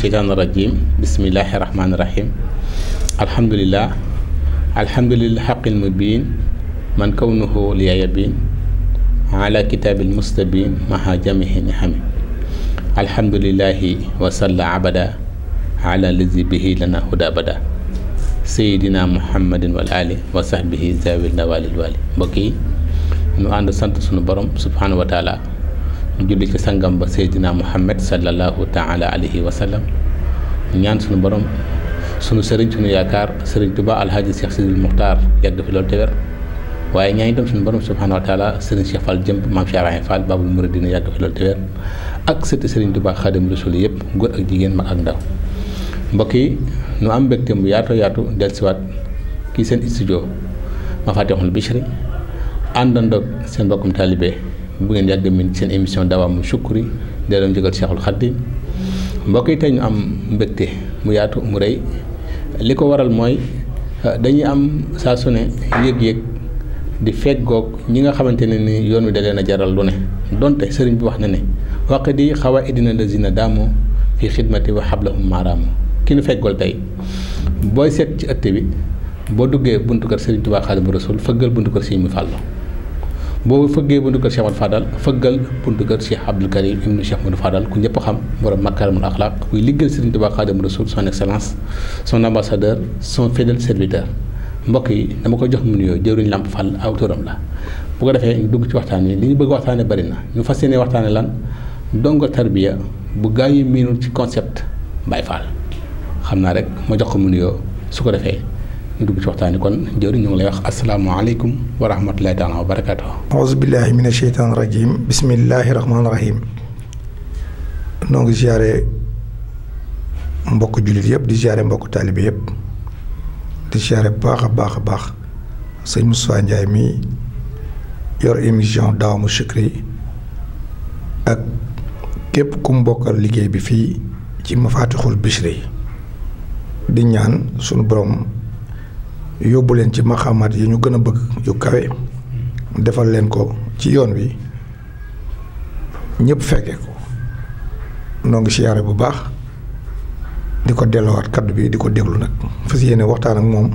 sheytaani rajiim bismillaahi rahmaani rahiim alhamdulilah alhamdulilah xaqil mubiin man kawnuhu li yabiin ala kitaabil mustabiin maha jamihi nihami alhamdulilahi wa salla abada ala lazi bihi lana huda abada sayidina muhammadin wal ali wa sahbihi zawil nawalil wali mbokk yi ñu ànd sant sunu borom subhaanahu wa taala ñu julli ci sangam ba Seydina Muhammad sallallahu taala alayhi wa sallam ñaan suñu borom sunu sëriñ suñu yaakaar sëriñ Tuba alhaji Cheikh Sidil Muxtaar yàgg fi loolu te wér waaye ñaan itam suñu borom subhaanahu wa taala sëriñ Cheikh Fall jëm maam Cheikh Ibrahima Fall Babul Muridina yàgg fi loolu te wér ak sëriñ Tuba Xaadim Rasul yëpp góor ak jigéen mag ak ndaw mbokk yi nu am mbégte mu yaatu yaatu dellusiwaat kii seen studio ma fàtte waxul Bichri àndandoog bu ngeen yàgg min seen émission dawaamu sukkuri delloo njëgal Seexul Xadiim mbokk yi tey am mbégte mu yaatu mu rëy li ko waral mooy euh, dañuy am saa su ne yëg-yëg di feggoog ñi nga xamante ne ni yoon wi da na jaral lu ne donte sëriñ bi wax na ne waq di xaw a idina dina daamoo fi xidmati wa xablahum maaraamu ki nu feggool tey booy seet ci ëtt bi boo duggee buntu kër sëriñ Tuubaa Xaadimu Rasuul fëggal buntu kër sëriñ mu fàllu boo fëggee buntu kër Cheikh Amadou Fadal fëggal buntu kër Cheikh Abdoul Karim ibnu Cheikh Amadou Fadal ku ñëpp xam borom makarimul axlaq kuy liggéeyal Serigne Touba Khadim Rasoul son excellence son ambassadeur son fidèle serviteur mbokk yi dama ko jox mu nuyoo jëruñ Lamp Fall aw turam la bu ko defee dugg ci waxtaan yi li ñu bëgg waxtaane bari na ñu fas yéene waxtaane lan dongo tarbiya bu gaa yi miinul ci concept Baye Fall xam naa rek ma jox ko mu su ko defee dugg ci waxtaan kon jëriñ ñu ngi lay wax mbokk jullit yëpp di ziare mbokk taalibe yëpp di ziare baax a baax a baax sëñ Moussa Ndiaye mi yor émission Dawaamu Chikri ak képp ku mbokkal liggéey bi fii ci Mafatihul Bichri di ñaan sunu borom. yóbbu leen ci maxamaat yi ñu gën a bëgg yu kawe defal leen ko ci yoon wi ñëpp fekkee ko noo siyaare bu baax di ko delluwaat kaddu bi di ko déglu nag fas yéene waxtaan ak moom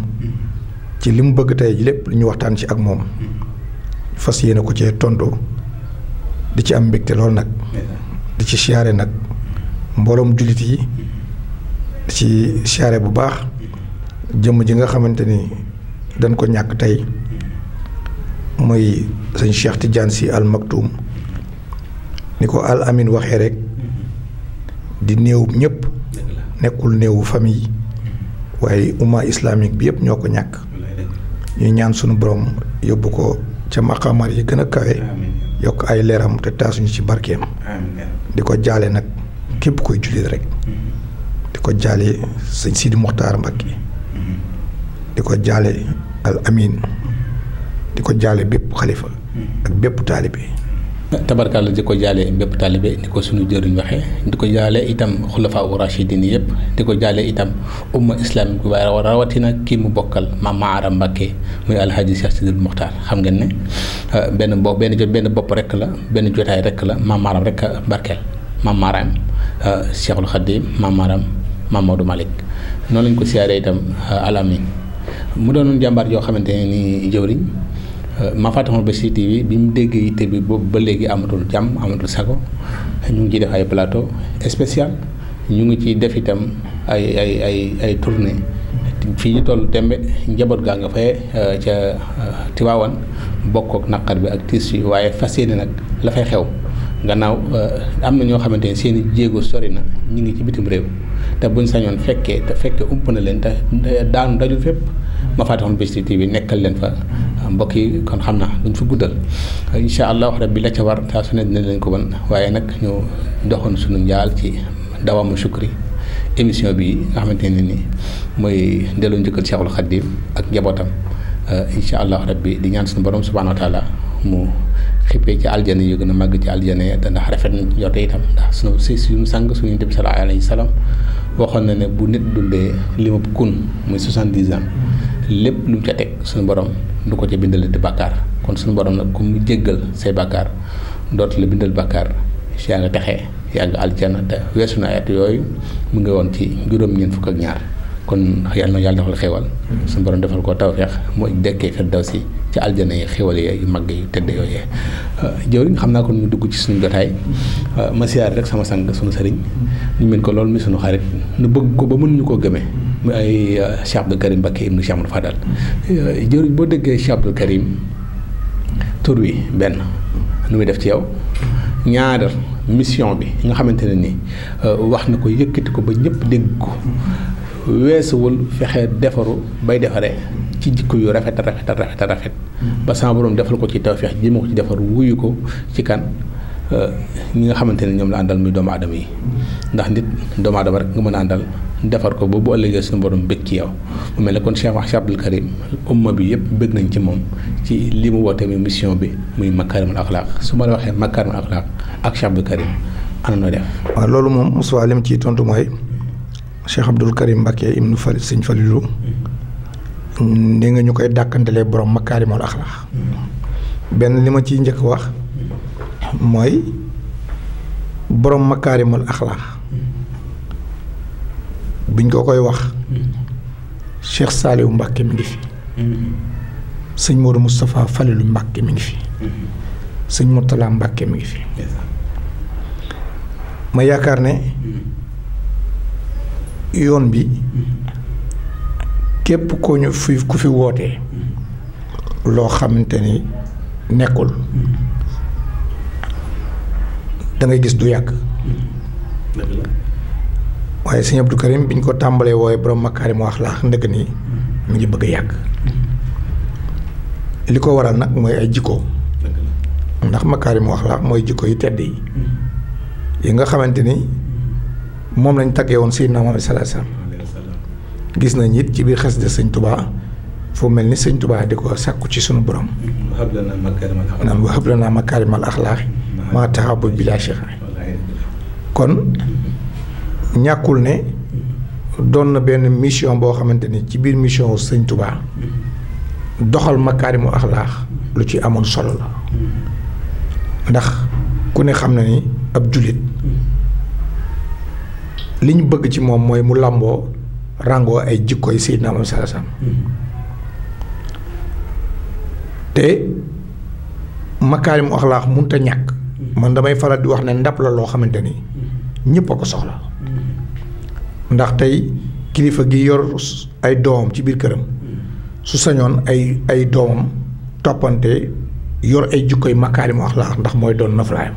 ci li mu bëgg tey lépp li ñu waxtaan ci ak moom fas yéene ko cee tontu di ci am mbégte lool nag di ci siyaare nag mbooloom jullit yi di ci siyaare bu baax jëmm ji nga xamante ni dañ ko ñàkk tey muy sëñ Cheikh Tidiane si Al ni ko Al Amin waxee rek di néew ñëpp nekkul néewu famille waaye umma islamique bi yëpp ñoo ko ñàkk ñu ñaan sunu borom yóbbu ko ca maqamar yi gën a kawe yokk ay leeram te taasuñu ci barkeem di ko jaale nag képp koy jullit rek mm-hmm. di ko jaale sëñ Sidi Mokhtar Mbacké ko jaale di ko jaale bépp xalifa ak bépp taalibe tabarkaal di ko jaale bépp taalibe ni ko suñu jëriñ waxee di ko jaale itam xulafaa u yëpp di ko jaale itam umma islamique bi waaye rawatina kii mu bokkal maam Maara Mbàkke muy alhaji Cheikh Sidil xam ngeen ne euh, benn bo benn bopp rek la benn jotaay rek la maam Maaraam rek a barkeel maam Maaraam euh, Cheikhul Xadim noonu lañ ko siyaaree itam euh, alamin mu doonoon jàmbaar yoo xamante ne nii jëwriñ ma fàttali ba si TV bi mu déggee yitte bi boobu ba léegi amatul jàmm amatul sago ñu ngi ciy def ay plateau spécial ñu ngi ciy def itam ay ay ay ay tournée fii ñu toll tembe njaboot gaa nga fay euh, ca euh, Tiwaawan bokk naqar bi ak tiis yi waaye fas yéene nag la fay xew gannaaw euh, am na ñoo xamante ne seeni jéego sori na ñu ngi ci bitim réew te buñ sañoon fekkee te fekkee ump na leen te daanu dajul fépp. ma faa taxoon Bichri TV nekkal leen fa mbokk yi kon xam na duñ fi guddal incha allah rabbi la ca war saa su ne dina leen ko wan waaye nag ñu doxoon sunu njaal ci dawamu sukri émission bi nga xamante ne ni mooy delloo njëkkal Cheikhul Khadim ak njabootam euh, incha allah rabbi di ñaan suñu borom subhanahu wa taala mu xippee ci aljana yu gën a màgg ci aljana ya te ndax rafet nañ ci jotee itam ndax sunu si suñu sang suñu yonent bi sallallahu alayhi wa waxoon na ne bu nit dundee li ma kun lépp lu mu ca teg suñu borom du ko ca bindal di bàkkaar kon suñu borom nag ku mu jéggal say bàkkaar dootu la bindal bàkkaar yaa nga texee yaa nga aljana te weesu na ayat yooyu mu ngi woon ci juróom-ñeent fukk ak ñaar kon yàlla na yàlla defal xewal suñu borom defal ko tawfeex mu dekkee si ci aljana yi xéewal yu mag yi tedd yooyee euh, jëwriñ xam naa ko ñu dugg ci suñu jotaay euh, ma siyaar rek sama sang suñu sëriñ ñu mën ko lool mu suñu xarit nu bëgg ko ba mënuñu koo gëmee ay euh, Cheikh Abdou Karim Mbacké ibnu Cheikh Amadou Fadal euh, jëriñ boo déggee Cheikh Abdou Karim tur wi benn nu muy def ci yow ñaar mission bi nga xamante ne nii euh, wax na ko yëkkati ko ba ñëpp dégg ko weesuwul fexee defaru bay defaree ci jikk yu rafet rafet rafet rafet ba sama borom defal ko ci tawfeex jéem ko ci defar wuyu ko ci kan ñi nga xamante ne ñoom la àndal muy doomu aadama yi ndax nit doomu aadama rek nga mën a àndal defar ko ba bu ëllëgee suñu borom bëgg ci yow mu mel ne kon Cheikh Abdul Karim umma bi yëpp bëgg nañ ci moom ci li mu woote muy mission bi muy makaarimul axlaaq su ma la waxee makaarimul axlaaq ak Cheikh waaw loolu moom Moussa ciy tontu mooy Cheikh Abdul Karim Mbacke ibnu Fal Sëñ Falilu ni nga ñu koy dàkkantelee borom makaarimul benn li ma ciy njëkk wax mooy borom makaarimul axlaaq biñ ko koy wax Cheikh Saliou Mbacke mi ngi fi sëñ Modou Moustapha Falilou Mbacke mi ngi fi sëñ Mourtala Mbacke mi ngi fi ma yaakaar ne yoon bi képp ko ñu fi ku fi wootee loo xamante ni nekkul da gis du yàgg waaye sëñ du Karim bi ñu ko tàmbalee wooye borom makaarimu axlaaq ndëgg nii mu ngi bëgg a yàgg li ko waral nag mooy ay jikko ndax makaarimu axlaaq mooy jikko yu tedd nga xamante ni moom lañ taggee woon Seydina Muhammad sallallahu nañ it ci biir xes sëñ Touba fu mel ni sëñ Touba di ko sàkku ci sunu borom naan wa maa taxabbu bilaa cheikh kon ñàkkul ne doon na benn mission boo xamante ni ci biir mission wu sëñ Touba doxal makaarimu axlaax lu ci amoon sol la ndax ku ne xam na ni ab jullit li ñu bëgg ci moom mooy mu làmboo ràngoo ay jikkooy Seydina Muhammad sallallahu alayhi wasallam te makaarimu axlaax mënut a ñàkk man damay faral di wax ne ndab la loo xamante ni ñëpp a ko soxla ndax tey kilifa gi yor ay doomam ci biir këram su sañoon ay ay doomam toppante yor ay jukkoy makaarima wax laa ndax mooy doon nafraayam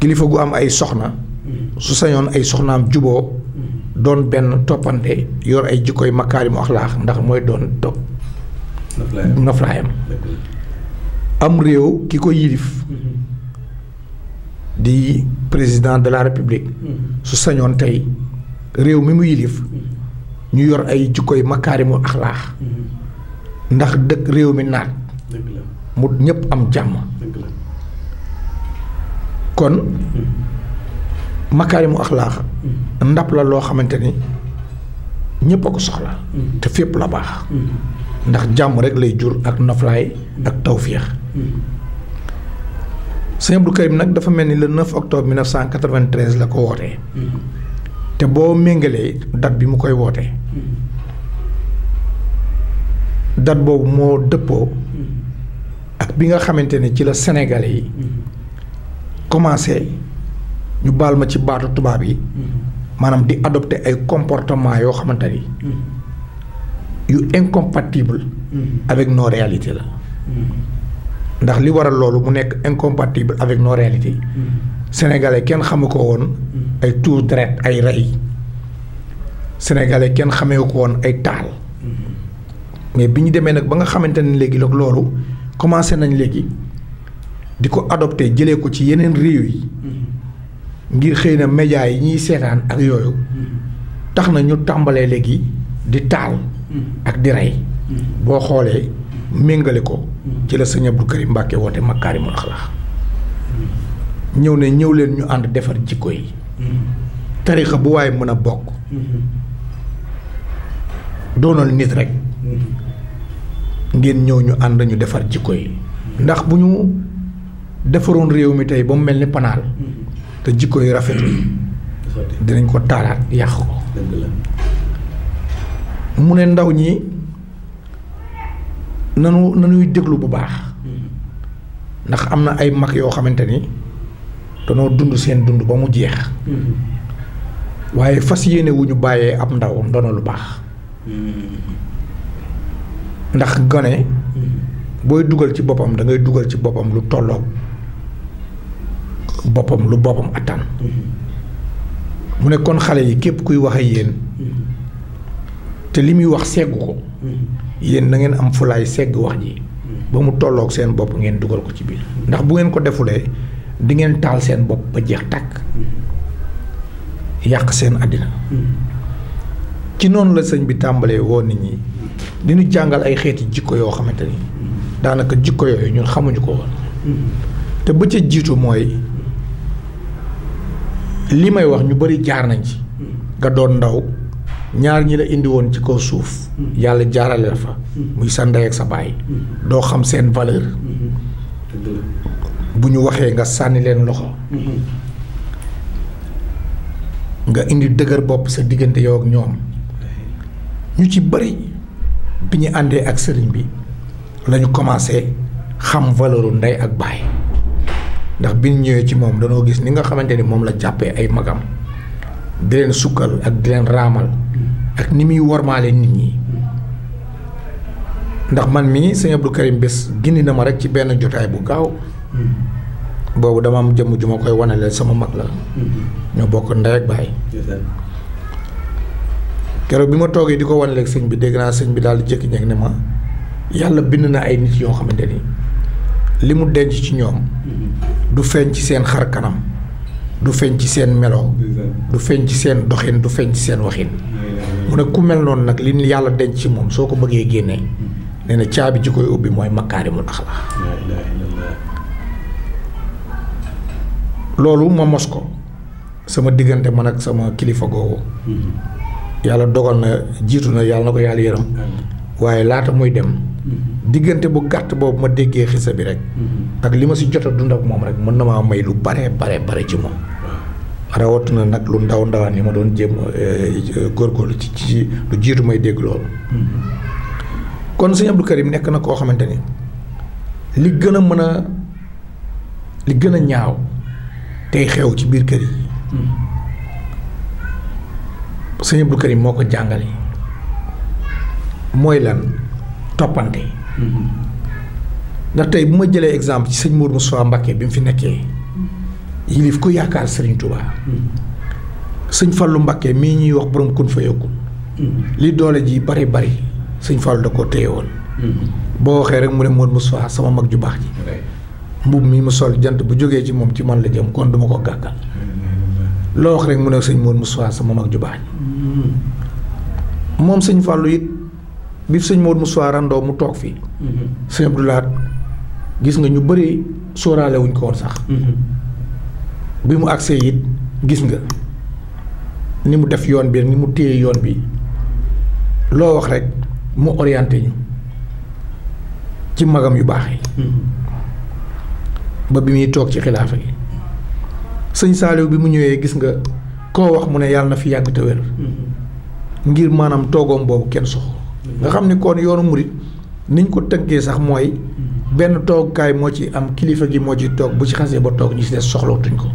kilifa gu am ay soxna su sañoon ay soxnaam juboo doon benn toppante yor ay jikkoy makaarimu axlaax ndax mooy doon topp noflaayam am réew ki ko yilif mhm. di président de la république hmm. su sañoon tey réew mi mu yilif hmm. ñu yor ay jikkoy makaarimu axlaax hmm. ndax dëkk réew mi naat mu ñépp am jàmm kon makaarimu axlaax ndab la loo xamante ni ñépp a ko soxla te fépp la baax ndax jàmm rek lay jur ak noflaay ak tawféex sëñ Abdou Karim nag dafa mel ni le 9 octobre 1993 la ko wootee. te boo méngalee date bi mu koy wootee. date boobu moo dëppoo. ak bi nga xamante ne ci la Sénégalais yi. commencé ñu baal ma ci baatu tubaab yi. maanaam di adopté ay comportement yoo xamante ni. yu incompatible. Mm-hmm. avec nos réalités la. Mm-hmm. ndax li waral loolu mu nekk incompatible avec nos réalités mm-hmm. sénégalais kenn xamu ko woon mm-hmm. ay tour deret ay rey sénégalais kenn xamee ko woon ay taal mm-hmm. mais bi ñu demee nag ba nga xamante ne léegi nag loolu commencé nañ léegi di ko adopté jëlee ko ci yeneen réew yi ngir xëy na médias yi ñuy seetaan ak yooyu tax na ñu tàmbalee léegi di taal ak di rey boo xoolee méngale ko ci la sëñ Abdou Karim Mbacke woote Makaarimul Axlaaq ñëw ne ñëw leen ñu ànd defar jikko yi tarixa bu waaye mën a bokk doonal nit rek ngeen ñëw ñu ànd ñu defar jikko yi ndax bu ñu defaroon réew mi tey ba mu mel ni panaal te jikko yi rafet dinañ ko taalaat yàq ko mu ne ndaw ñi nanu nanuy déglu bu baax ndax am na ay mag yoo xamante ni danoo dund seen dund ba mu jeex waaye fas yéene ñu bàyyee ab ndaw ndono lu baax ndax gone booy dugal ci boppam da ngay dugal ci boppam lu tolloog boppam lu boppam attan mu ne kon xale yi képp kuy waxe yéen te li muy wax seggu ko yéen na ngeen am fulaay segg wax ji ba mu tollook seen bopp ngeen dugal ko ci biir ndax bu ngeen ko defulee dingeen ngeen taal seen bopp ba jeex tàkk yàq seen àddina ci noonu la sëñ bi tàmbalee woo nit ñi dinu jàngal ay xeeti jikko yoo xamante ni daanaka jikko yooyu ñun xamuñu ko woon te ba ca jiitu mooy li may wax ñu bari jaar nañ ci nga doon ndaw ñaar ñi la indi woon ci kaw suuf. Mm-hmm. yàlla jaarale la fa. Mm-hmm. muy sa ndey ak sa baay. Mm-hmm. doo xam seen valeur. bu ñu waxee nga sànni leen loxo. nga indi dëgër bopp sa diggante yow ak ñoom. ñu ci bari bi ñu àndee ak sëriñ bi lañu commencé xam valeuru ndey ak baay ndax bi ñu ñëwee ci moom danoo gis ni nga xamante ni moom la jàppee ay magam di leen sukkal ak di leen raamal. ak ni muy wormaale nit ñi ndax man mii sëñ Abdou Karim bés gindi na ma rek ci benn jotaay bu gaaw boobu dama am jëmm juma koy wanaleel sama mag la ñoo bokk ndey ak baay keroog bi ma toogee di ko wanaleeg sëñ bi dégg naa sëñ bi daal di jékki-jékki ne ma yàlla bind na ay nit yoo xamante ni li mu denc ci ñoom du feeñ ci seen xar kanam du feeñ ci seen melo du feeñ ci seen doxin du feeñ ci seen waxin mu ne ku mel noonu nag li yàlla denc ci moom soo ko bëggee génnee nee na caabi ji koy ubbi mooy makaarimul axlaax loolu ma mos ko sama diggante man ak sama kilifa googu yàlla dogal na jiitu na yàlla na ko yàlla yërëm waaye laata muy dem diggante bu gàtt boobu ma déggee xisa bi rek mm-hmm. ak li ma si jot a dund ak moom rek mën na maa may lu bare bare bare ci moom na nag lu ndaw ndawaan yi ma doon jéem eh, eh, góorgóorlu ci ci lu jiitu may dégg loolu. kon sëñ Abdou Karim nekk na koo xamante ni li gën a mën a li gën a ñaaw tey xew ci biir kër yi. sëñ moo ko jàngale mooy lan toppante. Mm-hmm. ndax tey bu ma jëlee exemple ci sëñ Mourou Moussa Mbacké bi mu fi nekkee. yilif ku yaakaar Serigne Touba. sëñ Fallou Mbakke mii ñuy wax borom kun fa yokku mm-hmm. li doole ji bari bari sëñ Fallou da ko téye woon. Mm-hmm. boo waxee rek mu ne Modou Moussa sama mag ju baax ji. mi mu sol jant bu jógee ci moom ci man la jëm kon ko gàkkal. Mm-hmm. loo wax rek mu ne sëñ Modou Moussa sama mag ju baax sëñ Fallou it bi sëñ Modou Moussa randoo mu toog fii. sëñ Abdoulaye gis nga ñu bari sóoraale wuñ ko woon sax. bi mu agsee it gis nga ni mu def yoon bi ni mu téye yoon bi loo wax rek mu orienté ñu ci magam yu baax yi mm-hmm. ba bi muy toog ci xilaafa gi sëñ Saaliw bi mu ñëwee gis nga koo wax mu ne yàlla na fi yàgg te mm-hmm. ngir maanaam toogoom boobu kenn soxla nga xam ni kon yoonu murit niñ ko tëggee sax mooy mm-hmm. benn toogukaay moo ci am kilifa gi moo ci toog bu ci xasee ba toog ñu si des soxlootuñ ko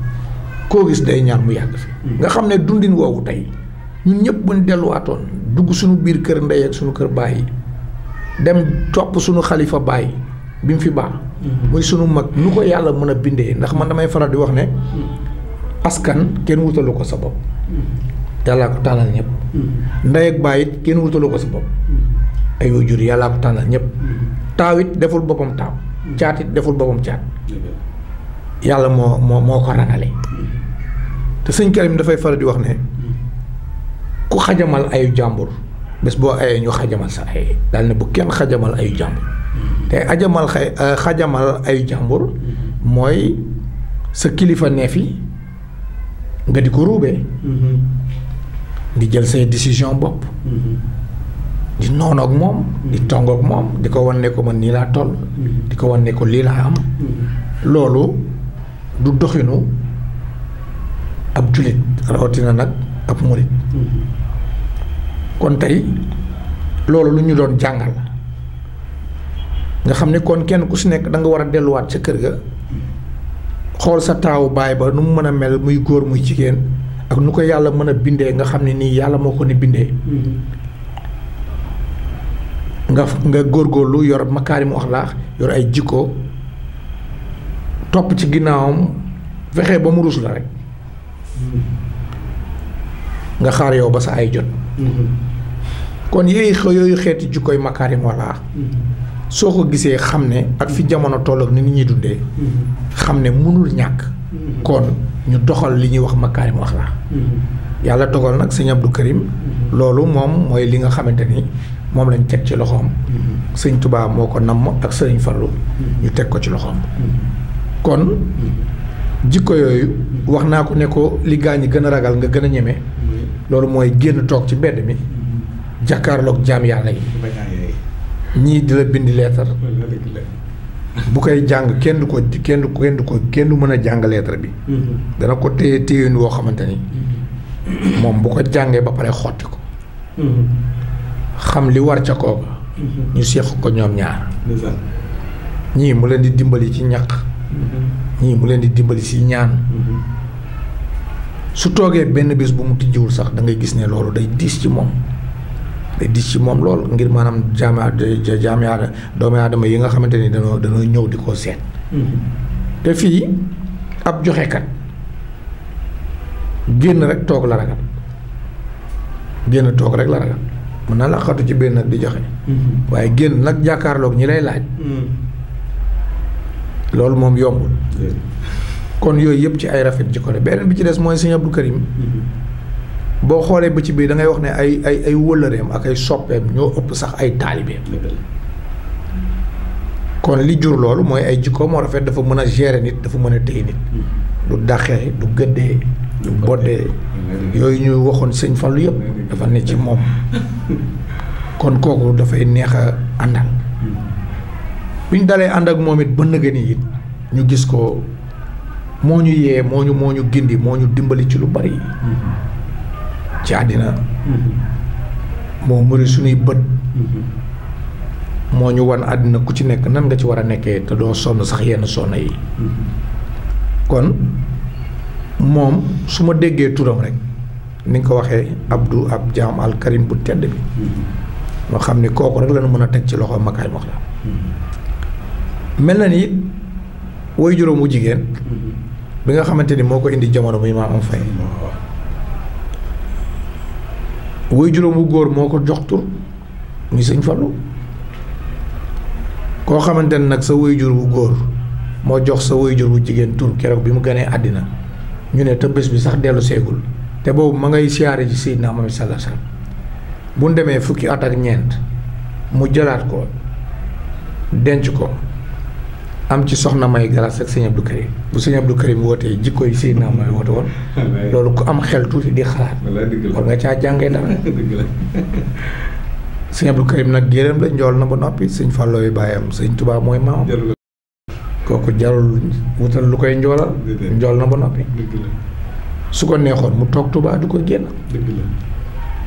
koo gis day ñaan mu yàgg fi. Mm. nga xam ne dundin woowu tey ñun ñëpp buñ delluwaatoon dugg suñu biir kër ndey ak suñu kër baay dem topp suñu xalifa baay bi mu fi baax. Mm-hmm. muy suñu mag lu ko yàlla mën a bindee ndax man damay faral di wax ne. Mm. askan kenn wutalu ko sa bopp. Mm. yàllaa ko tànnal ñëpp. ndey kenn wutalu ko sa bopp. ay waajur yàllaa taaw it deful boppam taaw. caat it deful boppam caat. yàlla moo moo ko rangale. te sëñ Karim dafay faral di wax ne ku xajamal ayu jàmbur bés boo ayee ñu xajamal sa ay daal ne bu kenn xajamal ayu jàmbur te ajamal xay euh, xajamal ayu jàmbur mooy sa kilifa neefi nga di ko ruubee mm-hmm. di jël say décision bopp mm-hmm. di noonu ak moom mm-hmm. di tong moom di ko wan ne ko man nii laa toll di ko wan ne ko lii laa am loolu du doxinu ab jullit na nag ab murit kon tey loolu lu ñu doon jàngal nga xam ne kon kenn ku si nekk danga war a delluwaat sa kër ga xool sa taawu baay ba nu mu mën a mel muy góor muy jigéen ak nu ko yàlla mën a bindee nga xam ne nii yàlla moo ko ni bindee nga nga góorgóorlu yor makaarimu axlaax yor ay jikko topp ci ginnaawam fexe ba mu rus la rek nga xaar yow ba sa ay jot mm-hmm. kon yooyu yooyu xeeti jikkoy makaarim walla mm-hmm. soo ko gisee xam ne ak fi jamono tollook ak ni nit ñuy dundee mm-hmm. xam ne mënul ñàkk kon ñu doxal li ñuy wax makaarim wax la yàlla dogal nag sëñ Abdou Karim loolu moom mooy li nga xamante ni moom lañ teg ci loxoom sëñ tubaab moo ko namm ak sëriñ Fallu ñu teg ko ci loxoom kon jikko yooyu wax naa ko ne ko li gaa ñi gën a ragal nga gën a ñeme loolu mooy génn toog ci mbedd mi mm-hmm. jàkkaarloog jaam yàlla yi ñii di la bind leetar bu koy jàng kenn du ko kenn du ko kenn du mën a jàng leetar bi mm-hmm. dana ko téye téyenu woo xamante ni mm-hmm. moom bu ko jàngee ba pare xotti ko xam li war ca kooka ñu seq ko ñoom ñaar ñii mu leen di dimbali ci ñaq ñii mu leen di dimbali si ñaan mm-hmm. su toogee benn bés bu mu tijjiwul sax da gis ne loolu day diis ci moom day diis ci moom lool ngir maanaam jaama jaama doomu aadama yi nga xamante ni danoo danoo ñëw di ko seet mm-hmm. te fii ab joxekat génn rek toog la ragal génn toog rek la ragal mën naa la xatu ci benn di joxe mm-hmm. waaye génn nag jàkkaarloog ñi lay laaj loolu moom yombul. kon yooyu yëpp ci ay rafet jikko la beneen bi ci des mooy sëñ Abdou Karim. Mm-hmm. boo xoolee ba ci biir da ngay wax ne ay ay ay wëllëreem ak ay soppeem ñoo ëpp sax ay taalibeem. kon li jur loolu mooy ay jikko moo rafet dafa mën a gérer nit dafa mën a téye nit. Mm-hmm. du daxee du gëdde du boddee mm-hmm. yooyu ñuy waxoon sëñ Fallou yëpp dafa ne ci moom kon kooku dafay neex a àndal. bi ñu dalee ànd ak moom it ba nëgëni it ñu gis ko moo ñu yee moo ñu moo ñu gindi moo ñu dimbali ci lu bari ci àddina mm-hmm. moo muri suñuy bët mm-hmm. moo ñu wan àddina ku ci nekk nan nga ci war a nekkee te doo sonn sax yenn sonn yi mm-hmm. kon moom su ma déggee turam rek ni nga ko waxee Abdou ab jaam al karim bu tedd bi moo xam ni kooku rek la nu mën a teg ci loxo makaay mox la mel na ni woy juróom wu jigéen bi nga xamante ni moo ko indi jamono muy ma am fay woy juróom wu góor moo ko jox tur muy sëñ falu koo xamante ne nag sa woy jur wu góor moo jox sa woy jur wu jigéen tur keroog bi mu gënee àddina ñu ne te bés bi sax dellu seegul te boobu ma ngay siyaare ci Seydina Muhammad sallallahu alayhi wasallam bu demee fukki at ak ñeent mu jëlaat ko denc ko am ci soxna may grâce ak sëñ Abdou Karim bu sëñ Abdou Karim wootee jikko yi Seydina May woote woon loolu ku am xel tuuti di xalaat war nga caa jàngee dara sëñ Abdou Karim nag géram la njool na ba noppi sëñ Fallou yi sëñ Touba mooy maamam kooku jarul wutal lu koy njoolal ba noppi su ko neexoon mu toog Touba ko génn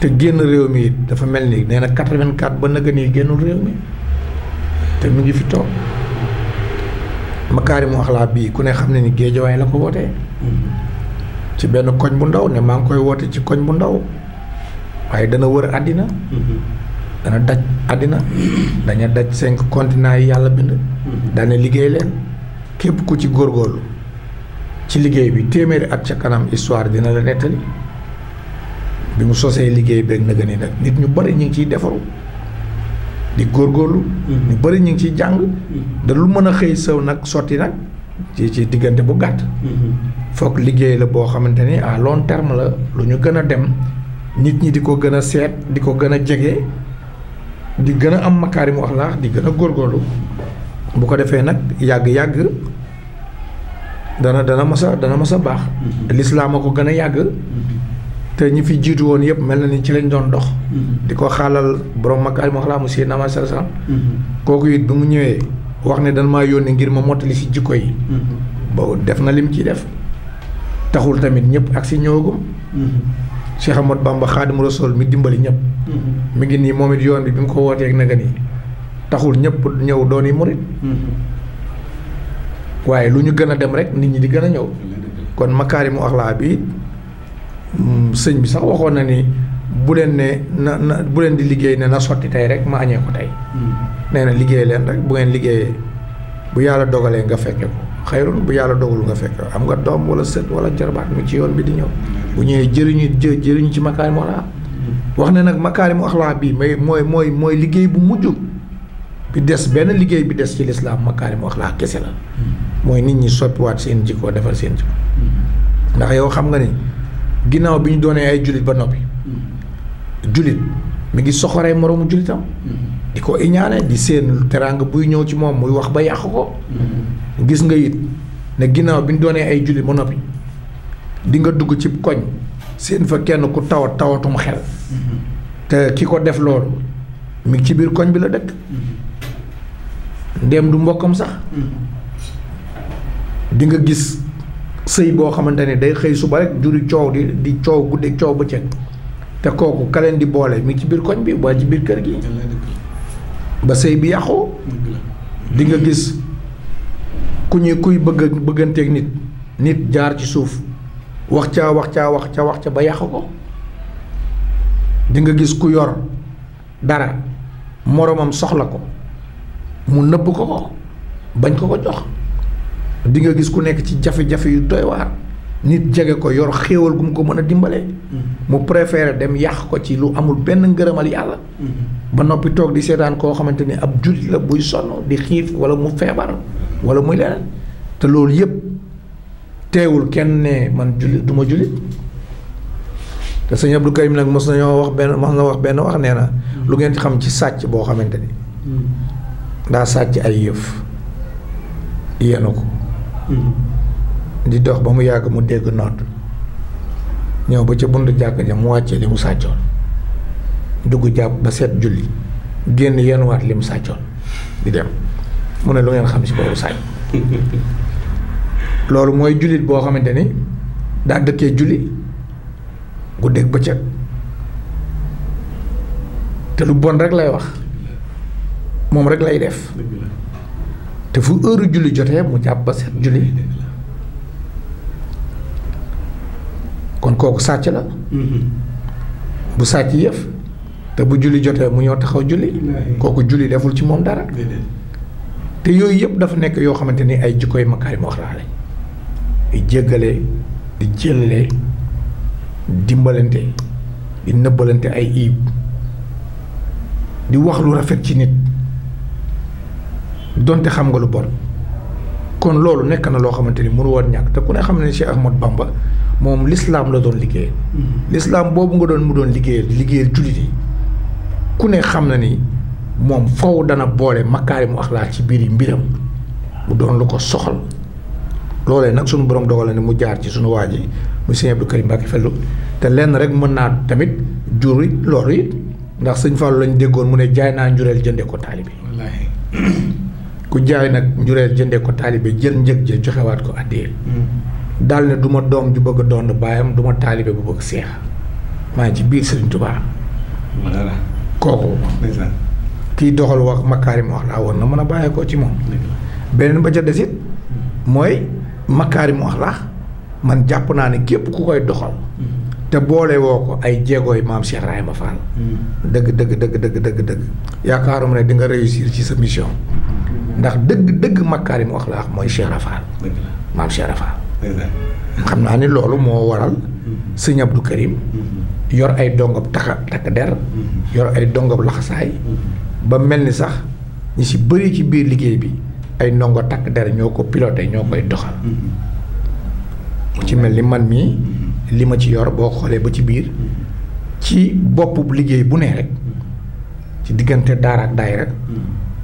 génn réew mi dafa mel ni nee na 84 ba nëgën yi génnul réew mi te mu ngi fi toog makaarimu axlaaq bii ku ne xam ne ni géejawaay la ko wootee ci benn koñ bu ndaw ne maa ngi koy woote ci koñ bu ndaw waaye dana wër àddina dana daj àddina daña daj cinq continent yi yàlla bind dana liggéey leen képp ku ci góor góorgóorlu ci liggéey bi téeméeri at ca kanam histoire dina la nettali bi mu sosee liggéey beeg nag ni nag nit ñu bari ñu ngi ciy defaru di góorgóorlu. Mm-hmm. ñu bari ñu ngi ciy jàng. Mm-hmm. da lu mën a xëy sëw nag sotti nag ci ci diggante bu gàtt. Mm-hmm. foog liggéey la boo xamante ni à long terme la lu ñu gën a dem nit ñi di ko gën a seet di ko gën a jege di gën a am makaarimu axlaaq di gën a góorgóorlu bu ko defee nag yàgg-yàgg dana dana mos dana mos a baax. lislaam a ko gën a yàgg. te ñi fi jiitu woon yëpp mel na ni ci lañ doon dox. Mm-hmm. di ko xaalal borom Makarimal Akhlaq mu Seydina Muhammad sallallahu alayhi wasallam. Mm-hmm. kooku it bi mu ñëwee wax ne dan maa yónnee ngir ma mottali si jikko yi. Mm-hmm. boobu def na lim ci def taxul tamit ñëpp ak si ñëwagum. Cheikh Ahmadou Bamba Xaadimu Rasuul mi dimbali ñëpp. mu ngi nii moom it yoon bi bi mu ko wootee nag nii taxul ñëpp ñëw doon yi murit waaye lu ñu gën a dem rek nit ñi di gën a ñëw. kon Makarimal Akhlaq bi. sëñ bi sax waxoon na ni bu leen ne na na bu leen di liggéey ne na sotti tey rek ma añee ko tey mm-hmm. nee na liggéey leen rek bu ngeen liggéeyee bu yàlla dogalee nga fekke ko xayrul bu yàlla dogalul nga fekke am nga doom wala sët wala jarbaat mu ci yoon bi di ñëw bu ñëwee jëriñu jëriñu ci makaarimu axlaa mm-hmm. wax ne nag makaarimu axlaa bii may mooy mooy mooy liggéey bu mujj bi des benn liggéey bi des ci lislaam makaarimu axlaa kese la mm-hmm. mooy nit ñi soppiwaat seen jikko defar seen yow xam nga ni ginnaaw bi ñu doonee ay jullit ba noppi mm-hmm. jullit mu ngi soxoree moroomu jullitam mm-hmm. di ko iñaane di seen teraanga buy ñëw ci moom muy wax ba yàq ko mm-hmm. gis nga it ne ginnaaw bi ñu doonee ay jullit ba noppi di nga dugg ci koñ seen fa kenn ku tawat tawatum xel te ki ko def loolu mu ngi ci biir koñ bi la dëkk ndéem du mbokkam sax di nga gis sëy boo xamante ne day xëy suba rek juri coow di di coow guddeeg coow bëccëg te kooku ka di boole mi ci biir koñ bi waa ci biir kër gi. ba sëy bi yàqu. dinga gis ku ñuy kuy bëgg bëgganteeg nit. nit jaar ci suuf wax caa wax caa wax ca wax ca ba yàqu ko dinga gis ku yor dara moroomam soxla ko mu nëbb ko ko bañ ko ko jox. dinga gis ku nekk ci jafe-jafe yu doy waar nit jege ko yor xéewal gu mu ko mën a dimbalee mm-hmm. mu préféré dem yàq ko ci lu amul benn ngërëmal yàlla mm-hmm. ba noppi toog di seetaan koo xamante ni ab jullit la buy sonn di xiif wala mu feebar wala mu leneen te loolu yëpp teewul kenn ne man jullit du ma jullit te sëñ Abdou Karim nag mos nañoo wax benn mos na wax benn wax nee na lu ngeen xam ci sàcc boo xamante ni mm-hmm. daa sàcc ay yëf yéena ko di dox ba mu yàgg mu dégg nodd ñëw ba ca buntu jàkk ja mu wàccee li mu sàccoon dugg jàpp ba seet julli génn yenn waat li mu sàccoon di dem mu ne lu ngeen xam si boobu sàcc loolu mooy jullit boo xamante ni daa dëkkee julli guddeeg bëccëg te lu bon rek lay wax moom rek lay def te fu heure julli jotee mu jàpp ba set julli kon kooku sàcc la mm-hmm. bu sàcc yëf te bu julli jotee mu ñoo taxaw julli kooku julli deful ci moom dara te yooyu yëpp dafa nekk yoo xamante ni ay jikkoy makaarimu axlaaq lañ di jéggale di jëlale dimbalante di nëbbalante ay iib di wax lu rafet ci nit donte xam nga lu bon kon loolu nekk na loo xamante ni mënu woon ñàkk te ku ne xam ne Cheikh Ahmad Bamba moom lislaam la doon liggéeyal mm-hmm. lislaam boobu nga doon mu doon liggéeyal liggéeyal jullit yi ku ne xam na ni moom faw dana boole mu axlaaq ci biir yi mbiram mu doon lu ko soxal loolee nag suñu borom dogal na ni mu jaar ci suñu waa ji mu sëñ Abdou Karim Mbacké te lenn rek mën naa tamit jur loolu it ndax sëñ Fallou lañ déggoon mu ne jaay naa njureel jëndee ko taalibe ku jaay nag njureel jëndee ko taalibe jël njëg ja joxewaat ko addiyee daal ne du doom ju bëgg a doon baayam du ma bu bëgg seex maa ci biir Sëriñ Tuubaa kooku kiy doxal wax makaarim wax laa woon na mën a bàyyeekoo ci moom beneen ba ca desit mooy makaarim wax laa man jàpp naa ne képp ku koy doxal te boole woo ko ay jéegooy maam Cheikh Rahima Fall hmm. dëgg dëgg dëgg dëgg dëgg dëgg yaakaaruma ne di nga réussir ci sa mission ndax dëgg dëgg makkaarimu axlaax mooy Cheikh Rafaal maam Cheikh Rafaal xam naa ni loolu moo waral sëñ Abdou Karim mm-hmm. yor ay dongob taka takk der mm-hmm. yor ay dongob laxasaay mm-hmm. ba mel ni sax ñi si bari ci biir liggéey bi ay ndongo takk der ñoo ko piloté ñoo koy doxal mu ci mel ni man mii li ma ci yor boo xoolee ba ci biir ci boppu liggéey bu ne rek ci diggante daara ak daayira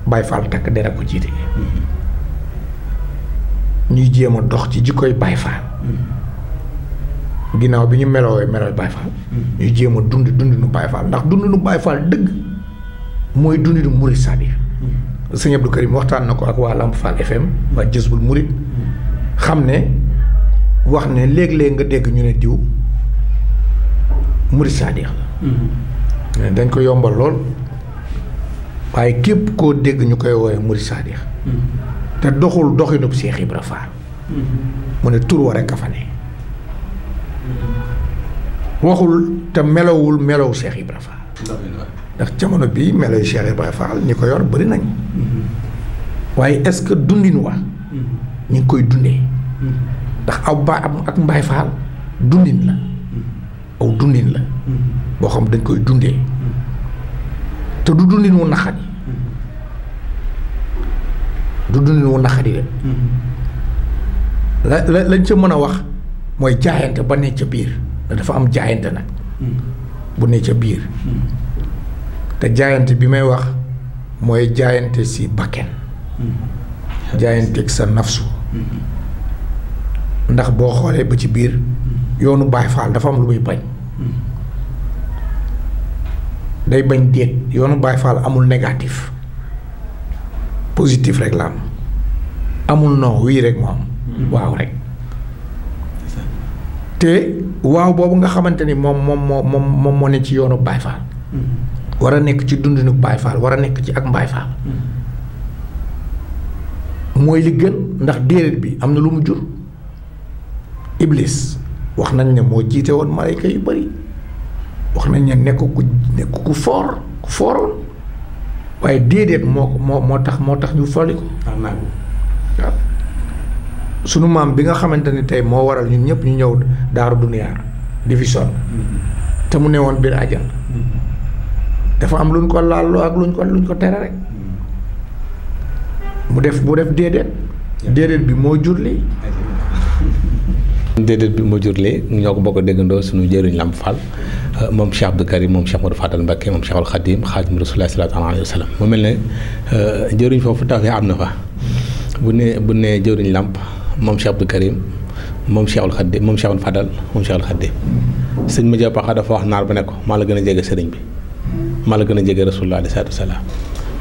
Baye Fall takk dera ko jiite ñuy jéem a dox ci jikkoy Baye Fall ginnaaw bi ñu melooy melooy Baye Fall ñuy jéem a dund dund nu Baye Fall ndax dund nu Baye Fall dëgg mooy dund nu Mouride c'est-à-dire sëñ Karim waxtaan na ko ak waa Lamp Fall FM waa Jësbul Mouride xam ne wax ne léeg-léeg nga dégg ñu ne diw Mouride cest mm-hmm. dañ ko yombal lool waaye képp koo dégg ñu koy wooye murid saadix mm-hmm. te doxul doxinub Seex Ibra Faal mm-hmm. mu ne tur wa rekk a fa ne mm-hmm. waxul te melowul melow Seex Ibra Faal ndax jamono bii melow Seex Ibra Faal ñi ko yor bari nañ waaye est-ce que dundin wa ñu ngi koy dundee ndax aw ba ak mbaay faal dundin la aw dundin la boo xam dañ koy dundee te du dundin wu naxat du dundin wu naqari de mm-hmm. la la lañ ca mën a wax mooy jaayante ba ne ca biir dafa am jaayante nag mm-hmm. bu ne ca biir mm-hmm. te jaayante bi may wax mooy jaayante si bakken jaayanteeg sa nafsu ndax boo xoolee ba ci biir yoonu baay faal dafa am lu muy bañ day bañ déet yoonu baay faal amul negatif positif rek la amul non wii rek moo am. Mm-hmm. waaw rek. te waaw boobu nga xamante ni moom moom moo moom moo ne ci yoonu Baay Faal. Mm-hmm. war a nekk ci dundinu Baay Faal war a nekk ci ak Mbaay Faal. Mm-hmm. mooy li gën ndax déedéet bi am na lu mu jur. Iblis wax nañ ne moo jiite woon malayka yu bari wax nañ ne nekk ku nekk ku foor ku fooroon waaye déedéet moo moo moo tax moo tax ñu fali ko. waaw sunu maam bi nga xamante ni tey moo waral ñu ñëpp ñu ñëw daaru duniyaar di fi sonn mm-hmm. te mu ne woon biir àjjana mm-hmm. dafa am luñ ko laalloo ak luñ ko luñ ko tere rek mm-hmm. mu def mu def déedéet déedéet bi moo jur lii déedéet bi moo jur lii ñoo ko bokk déggandoo suñu jëriñ Lamp fal uh, moom Cheikh Abdou Karim moom Cheikh Modou Fadal Mbacké moom Cheikhul Khadim Khadim Rasulullah sallallahu alayhi wa mu mel ne uh, jëriñ foofu tawfeex am na fa bu nee bu nee jëwriñ làmp moom Cheikh Abdou moom Cheikhul Xaddi moom Cheikhul Fadal moom Cheikhul Xaddi sëñ ma Paxa dafa wax naar ba ne ko maa la gën a jege sëriñ bi maa la gën a jege rasulullah alayhi salaatu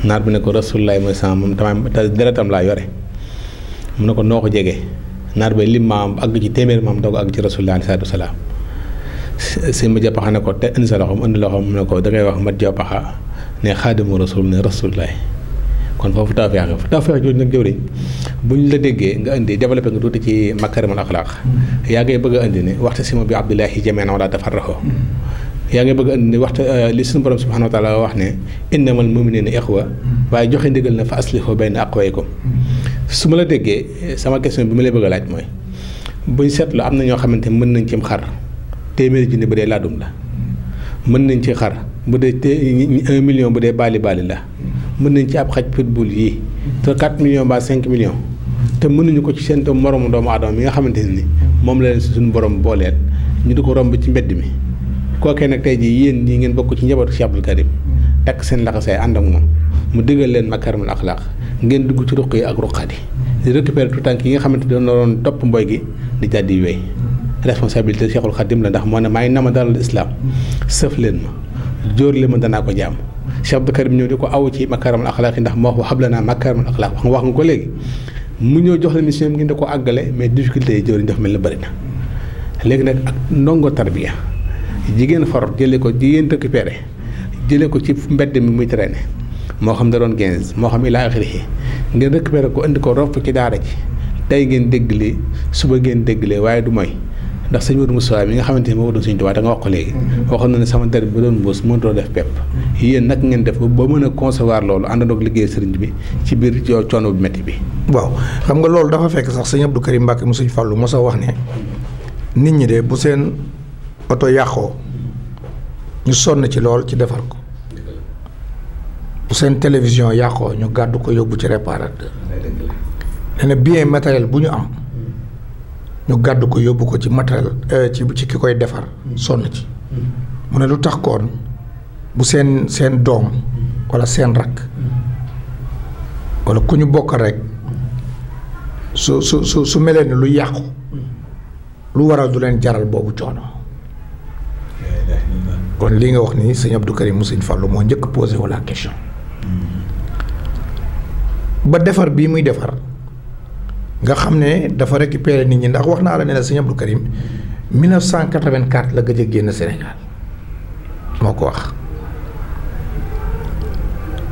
naar bi ne ko rasulullah mooy sama moom tamit te deretam laa yore mu ne ko noo ko jege naar ba lim maam àgg ci téeméer maam doog ak ci rasulullah alayhi salaatu wasalaam sëñ Madiaw Paxa ne ko te indi sa loxo mu indi loxo mu ne ko dangay wax Madiaw Paxa ne xaadimu rasul ne rasulullah kon foofu tawfeex nga fa tawfeex jooju nag jëwriñ bu ñu la déggee nga indi développé nga tuuti ci makarimal axlaaq mm-hmm. yaa ngay bëgg a indi ni waxta sima bi abdullahi jamii'an wala tafarraqu mm-hmm. yaa ngay bëgg a indi waxta euh, li suñu borom subhaanahu wa taala wax ne innamal mu'minuuna ixwa mm-hmm. waaye joxe ndigal na fa aslihu bayna ko su ma la déggee euh, sama question bi ma lay bëgg a laaj mooy buñ seetlu am na ñoo xamante mën nañ ci xar téeméeri junni bu dee laadum la mën nañ ci xar bu dee un million bu dee baali baali mën nañ ci ab xaj pitbull yii te 4 millions ba 5 millions te mënuñu ko ci seen moroomu doomu aadama mi nga xamante ne ni moom la leen si suñu borom booleet ñu di ko romb ci mbedd mi kookee nag tey jii yéen ñi ngeen bokk ci njabootu Cheikh Abdou Karim takk seen laxasaay ànd ak moom mu dëggal leen ma makarimul axlaq ngeen dugg ci ruq yi ak ruqaat yi di récupérer tout tànk yi nga xamante ne doon topp mboy gi di jàddi wéy responsabilité Cheikhul Khadim la ndax moo ne maa ngi nama dalal islam sëf leen ma jóor leen ma danaa ko jaam Cheikh Abdou Karim ñëw di ko aw ci makaramal axlaaq yi ndax ma wax wa xablanaa makaramal axlaaq wax nga wax nga ko léegi mu ñëw jox la mission bi ngeen ko àggale mais di yi jëwriñ dafa mel ni bëri na léegi nag ak ndongo tarbiya jigéen for jëlee ko jigéen récupéré jëlee ko ci mbedd mi muy traîné moo xam da doon 15 moo xam ilaa axirihi ngeen récupéré ko indi ko ropp ci daara ci tey ngeen dégg lii suba ngeen dégg lee waaye du moy ndax sëñ Modou Moussa mi nga xamante ni moo doon sëñ Tuubaa da nga wax ko léegi mm-hmm. waxoon na ne sama deret bi doon mbuus mënutoo def pepp mm-hmm. yéen nag ngeen def ba mën a concevoir loolu àndandoog liggéey sëriñ bi ci biir coono bu métti bi waaw xam nga loolu dafa fekk sax sëñ Abdou Karim Mbacke mu sëñ Fallou mos a wax ne nit ñi de bu seen oto yàqoo ñu sonn ci lool ci defar ko bu seen télévision yàqoo ñu gàdd ko yóbbu ci réparateur nee na bien matériel bu ñu am ñu gàdd ko yóbbu ko ci matériel euh, ci ci ki koy defar mm. sonn ci mm. mu ne lu tax koon bu seen seen doom mm. wala seen rakk wala ku ñu bokk rek su su su su melee ni lu yàqu lu waral du leen jaral boobu coono kon li nga wax ni sëñ du Karim mu sëñ Fallou moo njëkk posé wala question ba defar bii muy defar nga xam ne dafa récupérer nit ñi ndax wax naa la ne la sëñ Abdou Karim la gëj a génn Sénégal moo ko wax.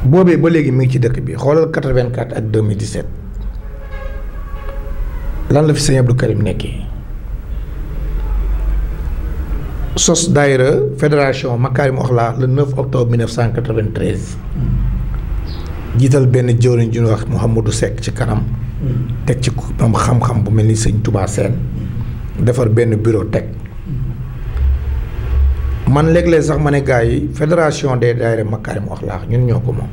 boobee ba léegi mi ngi ci dëkk bi xoolal 84 ak 2017 lan la fi sëñ Abdou Karim nekkee sos daayira fédération Makarim Oxla le 9 octobre 1993 jiital benn jëwriñ ju ñuy wax xam du sekk ci kanam. teg ci am xam-xam bu mel ni sëñ Touba Sène defar benn bureau teg man léeg-léeg sax ma ne gars yi fédération des daayira Makarimu Akhlaq ñun ñoo ko moom.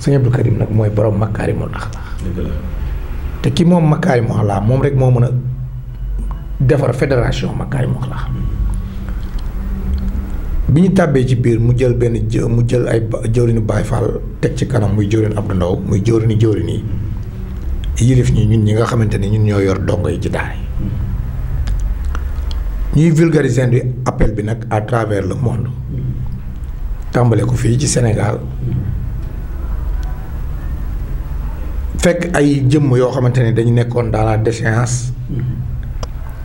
sëñ nag mooy borom Makarimu Akhlaq. te ki moom Makarimu Akhlaq moom rek moo mën a defar fédération Makarimu Akhlaq. bi ñu tàbbee ci biir mu jël benn jë mu jël ay jëwriñu Baay Faal teg ci kanam muy jëwriñ Abdou Ndaw muy jëwriñu jëwriñ yi. yilif ñi ñun ñi nga xamante ni ñun ñoo yor dongo yi ci daara yi ñuy vulgariser bi appel bi nag à travers le monde tàmbale ko fii ci Sénégal fekk ay jëmm yoo xamante ne dañu nekkoon dans la déchéance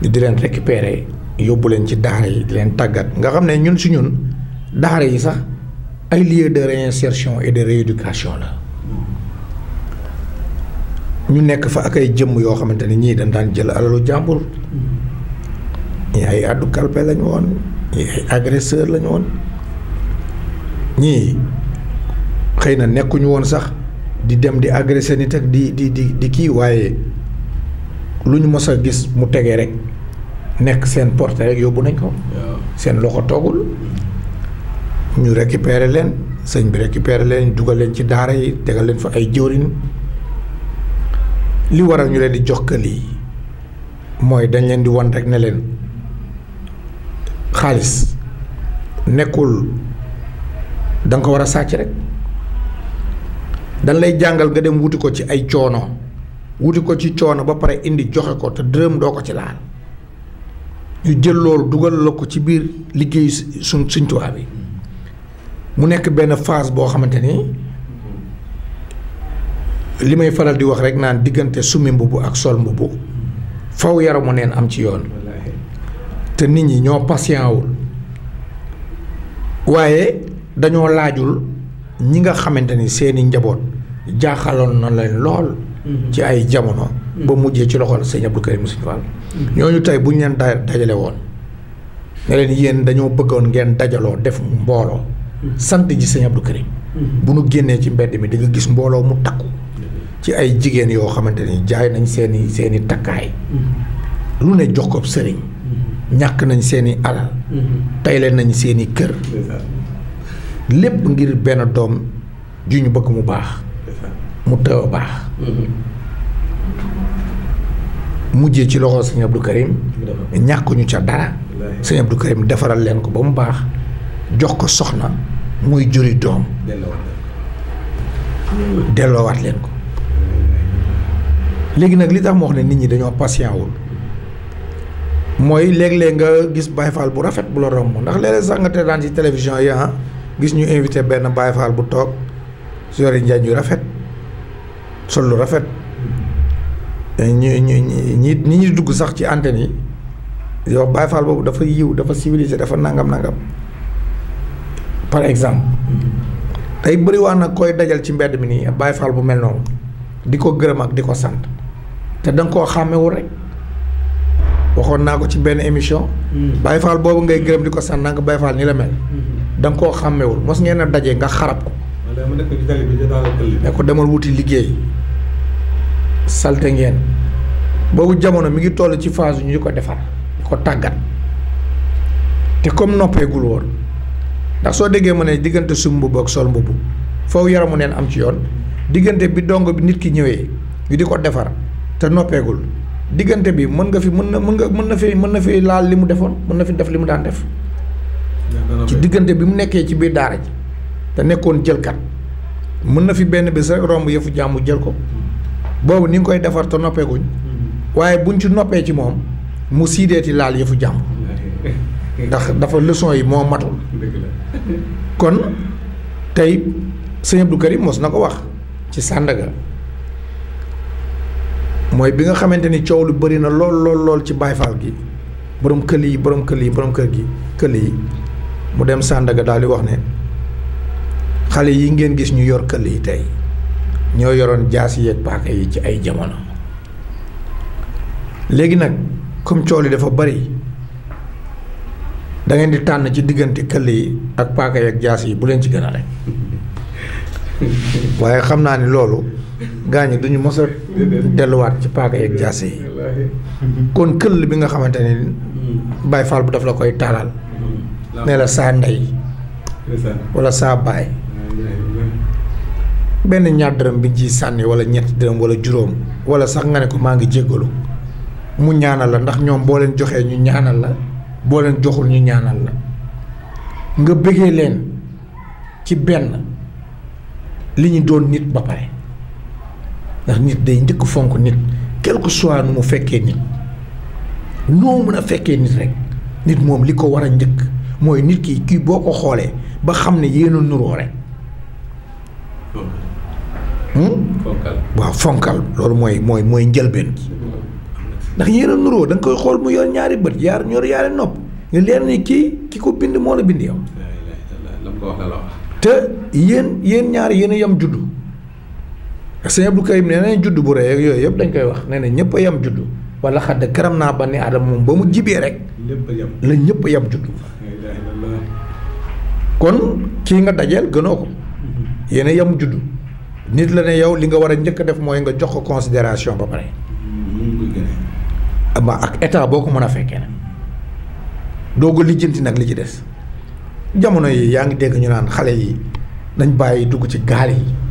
di leen récupérer yóbbu leen ci daara yi di leen tàggat nga xam ne ñun si ñun daara yi sax ay lieu de réinsertion et de rééducation la ñu nekk fa ak ay jëmm yoo xamante ni ñii dañ daan jël alalu jàmbur ñii ay addu kalpe lañu woon ñii ay ñii xëy na nekkuñu woon sax di dem di agressé nit ak di di di di kii waaye lu ñu mës a gis mu tegee rek nekk seen porte rek yóbbu nañ ko. seen loxo toogul ñu récupérer leen sëñ bi récupérer leen dugal leen ci daara yi tegal leen fa ay jëwriñ. li waral ñu leen di jox kël yi mooy dañ leen di won rek ne leen xaalis nekkul da ko war a sàcc rek dañ lay jàngal nga dem wuti ko ci ay coono wuti ko ci coono ba pare indi joxe ko te dërëm doo ko ci laal ñu jël loolu dugal la ko ci biir liggéeyu suñ suñ tubaab bi mu nekk benn phase boo xamante ni. li may faral di wax rek naan diggante summi mbubu ak sol mbubu faw yaramu neen am ci yoon te nit ñi ñoo patient wul waaye dañoo laajul ñi nga xamante ni seeni njaboot jaaxaloon na leen lool mhm. ci ay jamono mhm. ba mujjee ci loxol sëñ Abdou Karim Sëñ Fall mhm. ñooñu tey bu ñu leen dajale woon ne leen yéen dañoo bëggoon ngeen dajaloo def mbooloo sant ji sëñ Abdou Karim bu nu génnee ci mbedd mi di nga gis mbooloo mu takku ci ay jigéen yoo xamante ni jaay nañ seeni seeni takkaay mm-hmm. lu ne jox ko sëriñ mm-hmm. ñàkk nañ seeni i alal mm-hmm. tayle nañ seeni i kër lépp ngir benn doom ju ñu bëgg mu baax mu tëw a baax mujje ci loxo sëñ Abdou Karim ñàkk ca dara sëñ Abdou Karim defaral leen ko ba mu baax jox ko soxna muy juri doom delloowaat leen ko léegi nag li tax ma wax ne nit ñi dañoo patient wul mooy léeg-léeg nga gis Baye Fall bu rafet bu la romb ndax léeg-léeg sax nga teetaan ci télévision yi ah gis ñu invité benn Baye Fall bu toog sori njaañ yu rafet sol lu rafet ñu ñu ñi dugg sax ci antenne yi yow Baye Fall dafa yiw dafa civilisé dafa nangam nangam par exemple tey bëriwaan nag koy dajal ci mbedd mi nii Baye Fall bu mel noonu di ko gërëm ak di ko sant. te danga koo xàmmewul rek waxoon naa ko ci benn émission. Hmm. Baye Fall boobu ngay gërëm di ko sant naa ko Baye Fall ni la mel. Hmm. da koo xàmmewul mos ngeen a daje nga xarab ko. ne ko demal wuti liggéey. salte ngeen. boobu jamono mi ngi toll ci phase ñu ko defar ñu ko tàggat te comme noppeegul woon ndax soo déggee ma ne diggante sum mbubb ak sol mbubb foofu yaramu neen am ci yoon diggante bi dong bi nit ki ñëwee ñu di ko defar. te noppeegul diggante bi mën nga fi mën na mën nga mën na fi mën na fi laal li mu defoon mën na fi def li mu daan def. ci diggante bi mu nekkee ci biir daara ji te nekkoon jël jëlkat mën na fi benn bés rek romb yëfu jàmm jël ko boobu ni nga koy defar te noppeeguñ waaye buñ ci noppee ci moom mu siideeti laal yëfu jàmm ndax dafa leçon yi moo matul kon tey sëñ Abdou Karim mos na ko wax ci Sandaga mooy bi nga xamante ni coow lu bëri na lool lool lool ci Baye Fall gi boroom këll yi boroom këll yi borom kër gi këll yi mu dem sàndaga daal di wax ne xale yi ngeen gis ñu yor këll yi tey ñoo yoroon jaas yeeg paaka yi ci ay jamono léegi nag comme coow li dafa bari da ngeen di tànn ci diggante këll yi ak paaka yeeg jaas yi bu leen ci gën a rek waaye xam naa ni loolu. gaañu duñu mos delluwaat ci paaka yeeg jaase yi kon këll bi nga xamante ni Baay Faal bu daf la koy taalal ne la saa ndey wala saa baay benn ñaar dërëm bi ji sànni wala ñetti dërëm wala juróom wala sax nga ne ko maa ngi jéggalu mu ñaanal la ndax ñoom boo leen joxee ñu ñaanal la boo leen joxul ñu ñaanal la nga bëggee leen ci benn li ñu doon nit ba pare ndax nit day njëkk fonk nit quel que soit nu mu fekkee nit noo mën a fekkee nit rek nit moom li ko war a njëkk mooy nit ki kii boo ko xoolee ba xam ne yéen nuroo rek. Hmm? fonkal waaw fonkal loolu mooy mooy mooy njëlbeen. ndax yéen a nuroo da koy xool mu yor ñaari bët yaar ñor yaari nopp nga leer ni kii ki ko bind moo la bind yow. te yéen ñaari yéen a yam juddu. sëñ Abdou Karim nee nañ judd bu rëy yooyu yëpp dañ koy wax nee na ñëpp a juddu judd wala xadd karam naa ba ni Adama moom ba mu jibee rek. ñëpp a yem la ñëpp a yem judd. kon kii nga dajeel gënoo ko. yéen a juddu nit la ne yow li nga war a njëkk a def mooy nga jox ko considération ba pare. ba ak état boo ko mën a fekkee nag. doo ko lijjanti nag li ci des. jamono yi yaa ngi dégg ñu naan xale yi nañ bàyyi dugg ci gaal yi.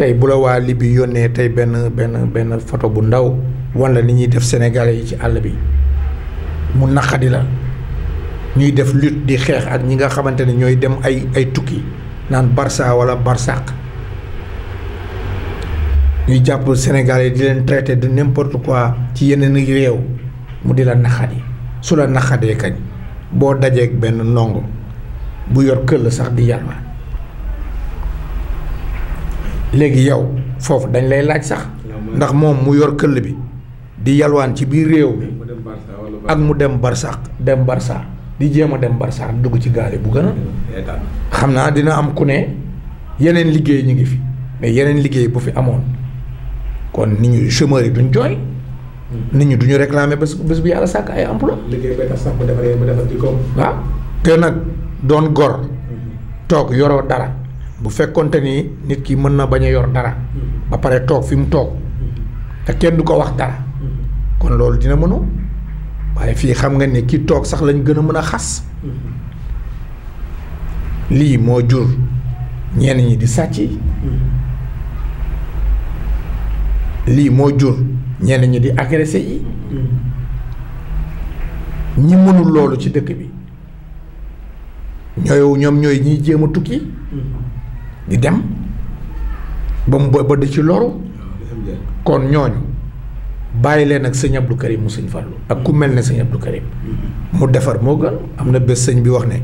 tey bu la waa Libye yónnee tey benn benn benn foto bu ndaw wan la ni ñuy def sénégalais yi ci àll bi mu naqadi la ñuy def lutte di xeex ak ñi nga xamante ne ñooy dem ay ay tukki naan Barça wala Barsaq ñuy jàpp yi di leen traité de n'importe quoi ci yeneen réew mu di la naqadi su la naqadee kañ boo dajeeg benn ndongo bu yor këll sax di yarma léegi yow foofu dañ lay laaj sax ndax moom mu yor këll bi di yalwaan ci biir réew mi ak mu dem barsax dem barsax di jéem a dem barsax dugg ci gaale bu gën a xam naa dina am ku ne yeneen liggéey ñu ngi fi mais yeneen liggéey bu fi amoon kon nit ñu chômeur yi duñ jooy nit ñi duñu réclamer bés bés bu yàlla sàkk ay emploi liggéey sax mu defaree mu defar te nag doon gor toog yoroo dara bu fekkonte ni nit ki mën na bañ a yor dara mm-hmm. ba pare toog fi mu toog mm-hmm. te kenn du ko wax dara mm-hmm. kon loolu dina mënu waaye fii xam nga ni ki toog sax lañu gën a mën a xas lii moo jur ñenn ñi di sàcc lii moo jur ñenn ñi di agressé yi ñi mënul loolu ci dëkk bi ñooy ñoom ñooy ñiy jéem a tukki di dem ba mu ba da ci loru kon ñooñu bàyyi leen ak sëñ Abdou Karim mu sëñ Fallou ak ku mel ne sëñ Abdou Karim mu defar moo gën am na bés sëñ bi wax ne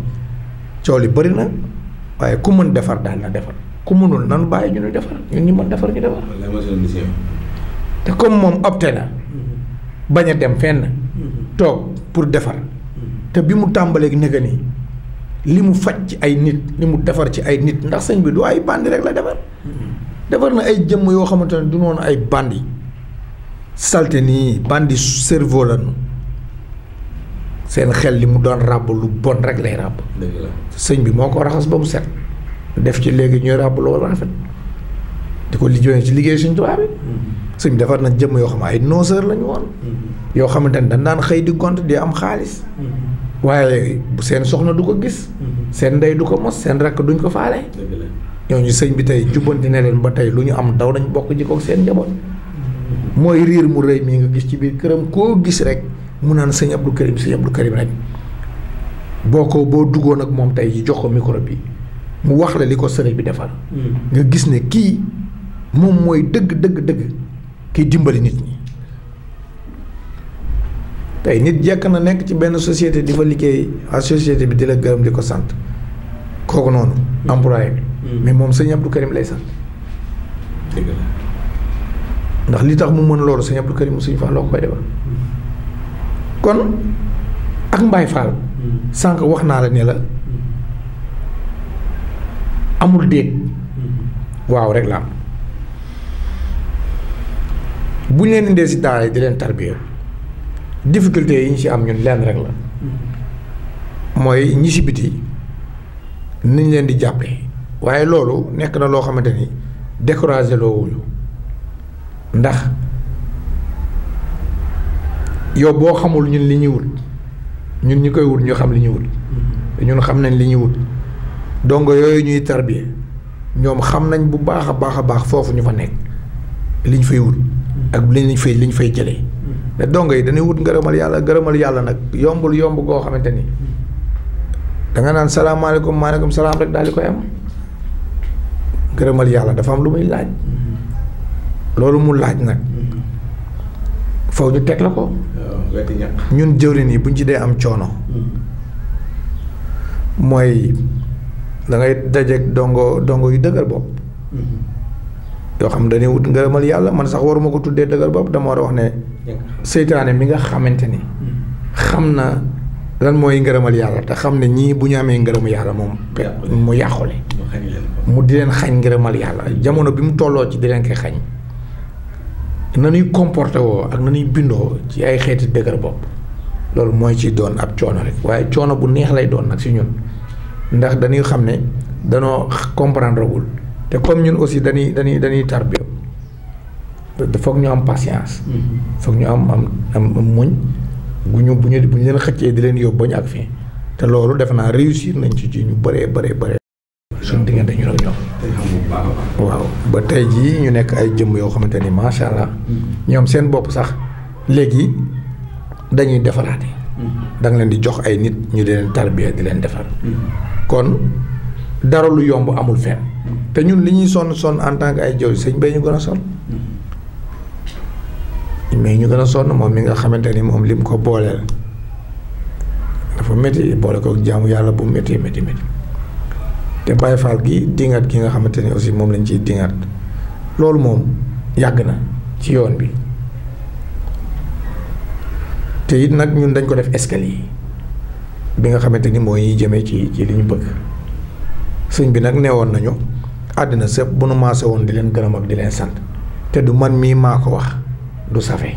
coow li bëri na waaye ku mën defar daal defar ku mënul nanu bàyyi ñu ñu defar ñun ñu mën defar ñu defar te comme moom opté na bañ a dem fenn toog pour defar te bi mu tàmbaleeg nega nii li mu faj ci ay nit li mu defar ci ay nit ndax sëñ bi du ay bandi rek la defar defar na ay jëmm yoo xamante ne du noonu ay bandi salte nii bandi cerveau lañu seen xel li mu doon ràbb lu bon rek lay ràbb sëñ bi moo ko raxas ba mu set def ci léegi ñuy ràbb loolu rafet di ko liggéey ci liggéey suñ tubaab bi mm-hmm. sëñ defar na jëmm yoo xam ay nooseur lañu woon mm-hmm. yoo xamante ne dañ daan xëy di gont di am xaalis mm-hmm. waaye seen soxna du ko gis. Mm-hmm. seen ndey du ko mos seen rakk duñ ko faale. ñooñu sëñ bi tey jubbanti ne leen ba tey lu ñu am daw nañ bokk ji ko seen njaboot. Mm-hmm. mooy riir mu rëy mii nga gis ci biir këram koo gis rek mu naan sëñ Abdou Karim sëñ Abdou Karim rek boo ko boo duggoon ak moom tey ji jox ko micro bi mu wax la li ko sëriñ bi defal. Mm-hmm. nga gis ne kii moom mooy dëgg dëgg dëgg kiy dimbali nit ñi. tey nit jekk na nekk ci benn société di fa liggéey a société bi di la gërëm di ko sant kooku noonu hmm. employé bi hmm. mais moom sëñ Abdou Karim lay sant ndax li tax mu mën loolu sëñ Abdou Karim mu sëñ Fall loo koy defal hmm. kon ak Mbaye Fall sànq wax naa la ne la amul déet waaw rek la am buñ leen indee si daara yi di leen tarbiya difficulté yi ñu si am ñun lenn rek la mooy ñi ci biti niñ leen di jàppee waaye loolu nekk na loo xamante ni découragé loowuñu ndax yow boo xamul ñun li ñuy wut ñun ñi koy wut ñu xam li ñuy wut mm-hmm. ñun xam nañ li ñuy wut donc yooyu ñuy tarbiye ñoom xam nañ bu baax a baax a baax foofu ñu fa nekk liñ fay wut ak liñ fay ñu fay jëlee ne dongo yi dañuy wut ngërëmal yàlla ngërëmal yàlla nag yombul yomb goo xamante ni danga nga naan salaamaaleykum maaleykum salaam rek daal di koy am ngërëmal yàlla dafa am lu muy laaj loolu mu laaj nag faw ñu teg la ko ñun jëwriñ nii bu ñu ci dee am coono mooy da ngay dajeeg dongo dongo yu dëgër bopp mm-hmm. yoo xam dañuy wut ngërëmal yàlla man sax waruma ko tuddee dëgër bopp dama war a wax ne seytaane mi nga xamante ni xam na lan mooy ngërëmal yàlla te xam ne ñii bu ñu amee ngërëmu yàlla moom mu yàqule mu di leen xañ ngërëmal yàlla jamono bi mu tolloo ci di leen koy xañ na ñuy comporté woo ak na ñuy bindoo ci ay xeeti dëgër bopp loolu mooy ci doon ab coono rek waaye coono bu neex lay doon nag si ñun ndax dañuy xam ne danoo comprendre wul te comme ñun aussi dañuy dañuy dañuy tarbiya foog ñu am patience. Mm-hmm. foog ñu am am am muñ. bu ñu bu ñu bu leen xëccee di leen yóbbu ba ñu ak fii te loolu defe naa réussir nañ ci ci ñu bëree bëree bëree. suñu diggante ñu doon ñoom. waaw ba tey jii ñu nekk ay jëmm yoo xamante ni macha allah. Mm-hmm. ñoom seen bopp sax léegi dañuy defaraate mm-hmm. da leen di jox ay nit ñu leen tarbiya di leen defar. kon dara lu yomb amul fenn. te ñun li ñuy sonn sonn en tant que ay jaww ji sëñ bee ñu gën a sonn. mais ñu gën a sonn moom mi nga xamante ni moom li mu ko booleel dafa métti boole ko jaamu yàlla bu métti métti métti te Baye Fall gi dingat gi nga xamante ni aussi moom lañ ciy dingat loolu moom yàgg na ci yoon bi te it nag ñun dañ ko def escalier bi nga xamante ni moo yi jëmee ci ci li ñu bëgg sëñ bi nag neewoon nañu àddina sëpp bu nu woon di leen gën a ak di leen sant te du man mii maa ko wax du safe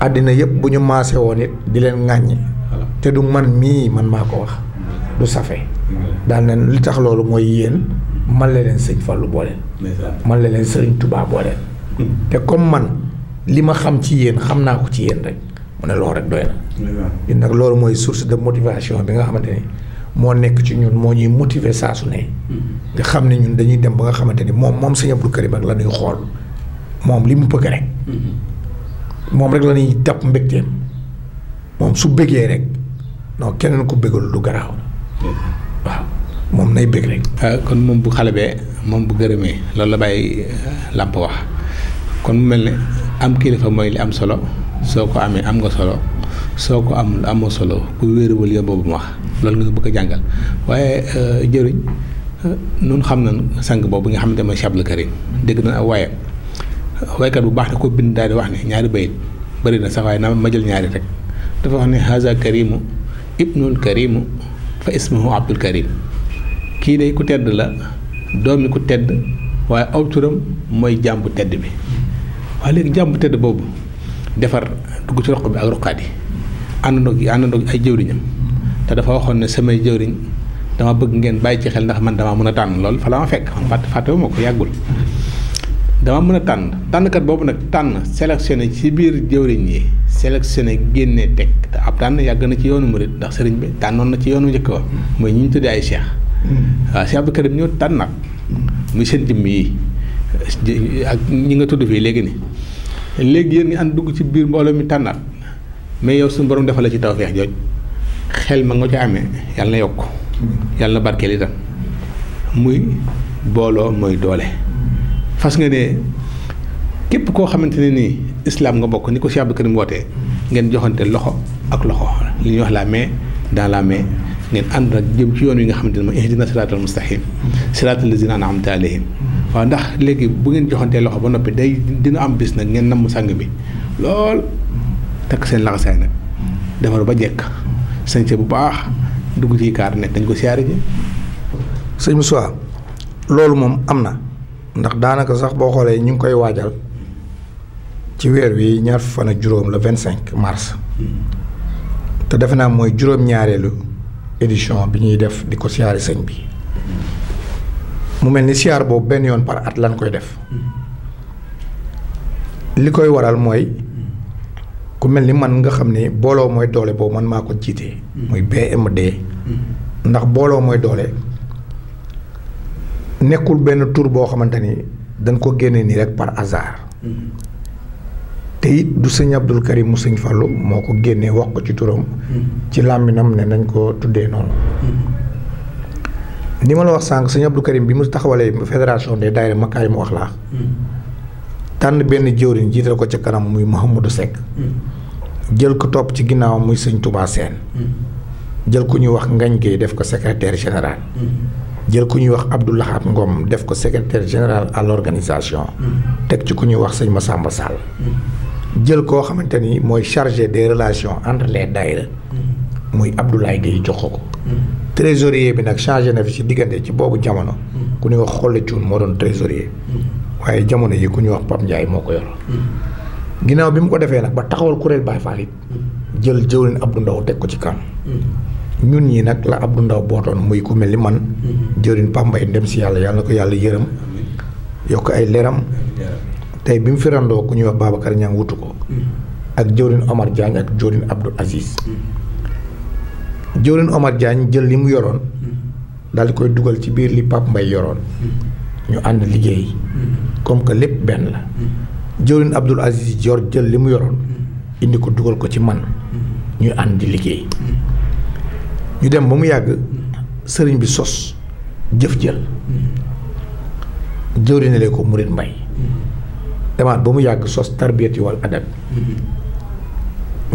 àddina yëpp bu ñu maase woon it di leen ŋàññi te du man mii man maa ko wax du safe daal ne li tax loolu mooy yéen man la leen sëñ Fallou booleel man la leen sëriñ Touba booleel te comme man li ma xam ci yéen xam naa ko ci yéen rek mu ne loolu rek doy na nag loolu mooy source de motivation bi nga xamante ni moo nekk ci ñun moo ñuy motiver saa su ne nga mm-hmm. xam ne ñun dañuy dem ba nga xamante ni moom moom sëñ Abdou Karim ak la ñuy xool moom li mu bëgg rek. Mm-hmm. moom rek la ñuy dab moom su bëggee rek non keneen ko bëggul du garaaw. Mm-hmm. waaw moom nay bëgg rek. Ah, kon moom bu xale bee moom bu gërëmee loolu la bàyyi euh, làmp wax kon mu mel ni am kilifa mooy li am solo soo ko amee am nga solo soo ko amul amoo solo ku wéeruwul yow boobu ma wax loolu nga bëgg a jàngal waaye euh, jëriñ euh, nun xam nañ sang boobu nga xam ne mooy Cheikh Abdou Karim dégg na waaye. waykat bu baax da ko bind daal di wax ne ñaari bayit bëri na sax waaye na ma jël ñaari rek dafa wax ne haza karimu ibnul karimu fa ismuhu abdul karim kii day ku tedd la doomi ku tedd waaye aw turam mooy jàmbu tedd bi waaye léegi jàmbu tedd boobu defar dugg ci roq bi ak roqaat yi àndandoo gi àndandoo ay jëwriñam te dafa waxoon ne samay jëwriñ dama bëgg ngeen bàyyi ci xel ndax man dama mën a tànn lool fa la ma fekk fàtte fàtte ma ko yàggul dama mën a tànn tànnkat boobu nag tànn sélectionné ci biir jëwriñ yi sélectionné génne teg te ab tànn yàgg na ci yoonu murit ndax sëriñ bi tànnoon na ci yoonu njëkk wa mm. mooy ñi ñu tuddee ay cheikh mm. waaw Cheikh Abdou Karim tànn tànnaat mm. muy seen jëmm yi ak ñi nga tudd fii léegi ni léegi yéen ngi ànd dugg ci biir mbooloo mi tànnaat mais yow suñu borom defal la ci tawfeex jooj xel ma nga ca amee yàlla na yokk yàlla na barkeel itam muy booloo mooy doole fas nga ne képp koo xamante ne nii islam nga bokk ni ko Cheikh Abdou Karim wootee ngeen joxante loxo ak loxo li ñuy wax la main dans la main ngeen ànd ak jëm ci yoon wi nga xamante ne mooy ihdina siraatal mustaqim siraatal lazina an'amta alayhim waaw ndax léegi bu ngeen joxantee loxo ba noppi day dina am bis nag ngeen namm sang bi lool takk seen laxasaay nag defar ba jekk sañse bu baax dugg ci kaar nekk dañ ko siyaare ji sëñ Moussa loolu moom am na ndax daanaka sax boo xoolee ñu ngi koy waajal ci weer wi ñaar fan ak juróom la vingt cinq mars te defe naa mooy juróom-ñaareelu édition bi ñuy def di ko siyaare sëñ bi mu mel ni siyaar boobu benn yoon par at lañ koy def li koy waral mooy ku mel ni man nga xam ne booloo mooy doole boobu man maa ko jiitee muy BMD ndax booloo mooy doole nekkul benn tur boo xamante ni dañ ko génne nii rek par hasard. Mm-hmm. te du sëñ Abdul Karim mu sëñ Fallou moo ko génnee wax ko ci turam. Mm-hmm. ci làmbinam ne nañ ko tuddee noonu. Mm-hmm. ni ma la wax sànq sëñ Abdul Karim bi mu taxawalee fédération des daayira Makaay mu wax laa. tànn benn jëwriñ jiital ko ca kanam muy Mouhamadou sekk jël ko topp ci ginnaawam muy sëñ Touba Sène. jël ko ñuy wax Ngañ Gueye def ko secrétaire général. jël ku ñuy wax Abdoulahat Ngom def ko secrétaire général à l'organisation. teg ci ku ñuy wax sëñ sàmba Sall. jël koo xamante ni mooy chargé des relations entre les daïra. muy Abdoulaye Gueye jox ko. trésorier bi nag changé na fi ci diggante ci boobu jamono. ku ñuy wax Xolle Cuun moo doon trésorier. waaye jamono yi ku ñuy wax Pape Ndiaye moo ko yor. ginnaaw bi mu ko defee nag ba taxawal kuréel Baye Fall it. jël jëwlin Abdou Ndaw teg ko ci kan ñun ñi nag la Abdou Ndaw bootoon muy ku mel ni man mm-hmm. jëriñ Pambay dem si yàlla yàlla na ko yàlla yërëm yokk ay leram tey bi mu fi randoo ku ñuy wax Babacar Niang wutu ko mm-hmm. ak jëriñ Omar Diagne ak jëriñ Abdou Aziz mm-hmm. jëriñ Omar Diagne jël li mu yoroon daal koy dugal ci biir li Pape Mbaye yoroon ñu ànd liggéey comme que lépp benn la jëriñ Abdou jël li mu yoroon indi ko dugal ko ci man ñuy ànd di liggéey ñu dem ba mu yàgg sëriñ bi sos jëf jël jëwrinale ko mu murit mbay demaat ba mu yàgg sos tarbiyati wal adab